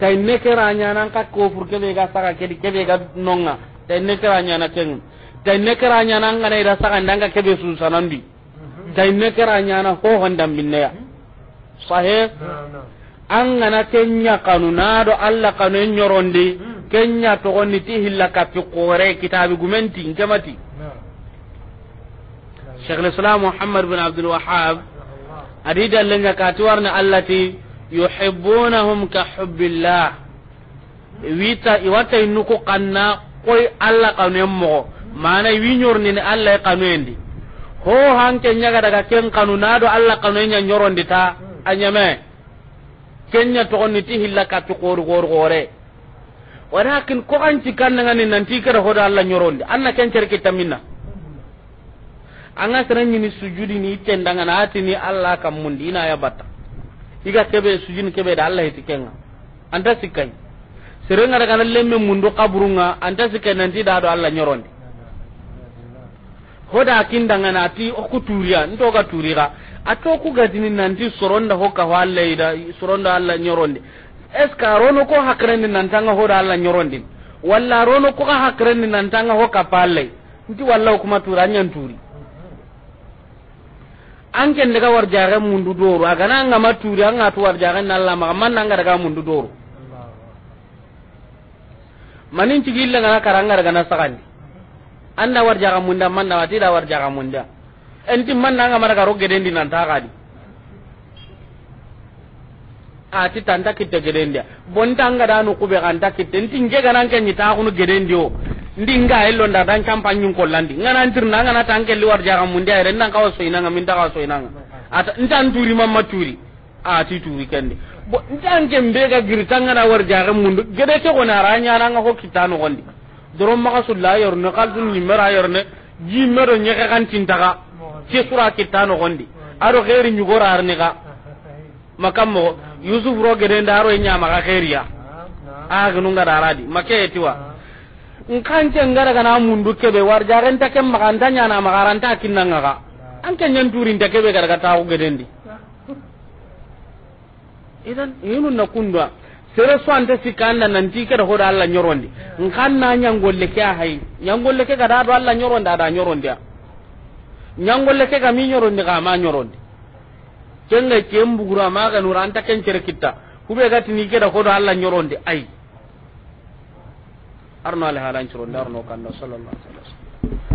tay nekera kera nyana ka kofur kebe ga saka kedi kebe ga nonga tay ne kera nyana ken tay ne kera nyana ngana da saka ndanga kebe sun sanandi tay ne kera nyana ho honda minne ya sahe an ngana kenya kanuna do alla kanu nyorondi kenya to gonni ti hilla ka pi qore kitabi gumenti ngamati Sheikh al-Islam Muhammad bin Abdul Wahhab adida lenga katiwarna allati yuhibbunahum ka hubbillah wita iwata innuku kanna koy alla kanen mo mana wi ñornini alla e ho hanke ñaga daga ken kanu nado alla nya nyorondi ta a ñame kenya onni ti gor gor gore walakin ko kanna ngani nanti kera hoda alla nyorondi anna kencer kitta tamina anga sera ni sujudi ni ittendangana atini alla kam ya bata iga kebe sujin kebe da Allah kenga anda sikai serenga daga nan lemme mundu kaburunga anta sikkai nanti da do Allah nyorondi hoda kindanga nati okuturia ndo ga turira ato ku gadini nanti soronda hokka walle da soronda Allah nyorondi eska rono ko hakreni nantanga hoda Allah nyorondi walla rono ko hakreni nantanga hokka palle nti walla kuma turanya nturi an ken daga war warjaren mundu doro aga nan ga maturi an ga tuwar jaren nan la ma man nan ga daga mundu doro manin cigi illa ga karanga daga nasakani an na warjaga munda man na wati da war warjaga munda enti man nan ga mara garo geden nan ta a ti tanta kitte geden dia bon an ga danu kube kan ta kitte enti nge ga nan ken ni ta kunu geden dio ndi nga ello nda dan campagne ko landi ngana ntirna ngana tanke li war jaram mun dia renna ka waso inanga min da waso inanga ata ntan turi mamma turi a ti turi kende bo ntan kembe ga girtanga na war jaram mun gede ke gona ranya na nga ko kitano gondi doron maka sulla yor ne kaltun ni mera yor ne ji mero nye ka kan tintaga ke sura kitano gondi aro khairu nyugora arne ga makammo yusuf ro gede ndaro nya maka khairiya a gununga daradi make tiwa kan ce ngara kana mundu kebe warjaren ta take maganta nya na magaranta kinnanga ga an kan yan turin ta kebe garga ta ku di idan yinu na kundwa sere so anta sikan nan tikar ho da Allah nyorondi nkan na nya ngolle ke hay nya ngolle ke gara do Allah nyorondi ada nyorondi nya ngolle ke ga mi nyorondi ga ma nyorondi kenga kembugura maga nuranta ken cerkita kitta kube gati ni da ho da Allah nyorondi ai arno ala halan curo ndarno kan sallallahu alaihi wasallam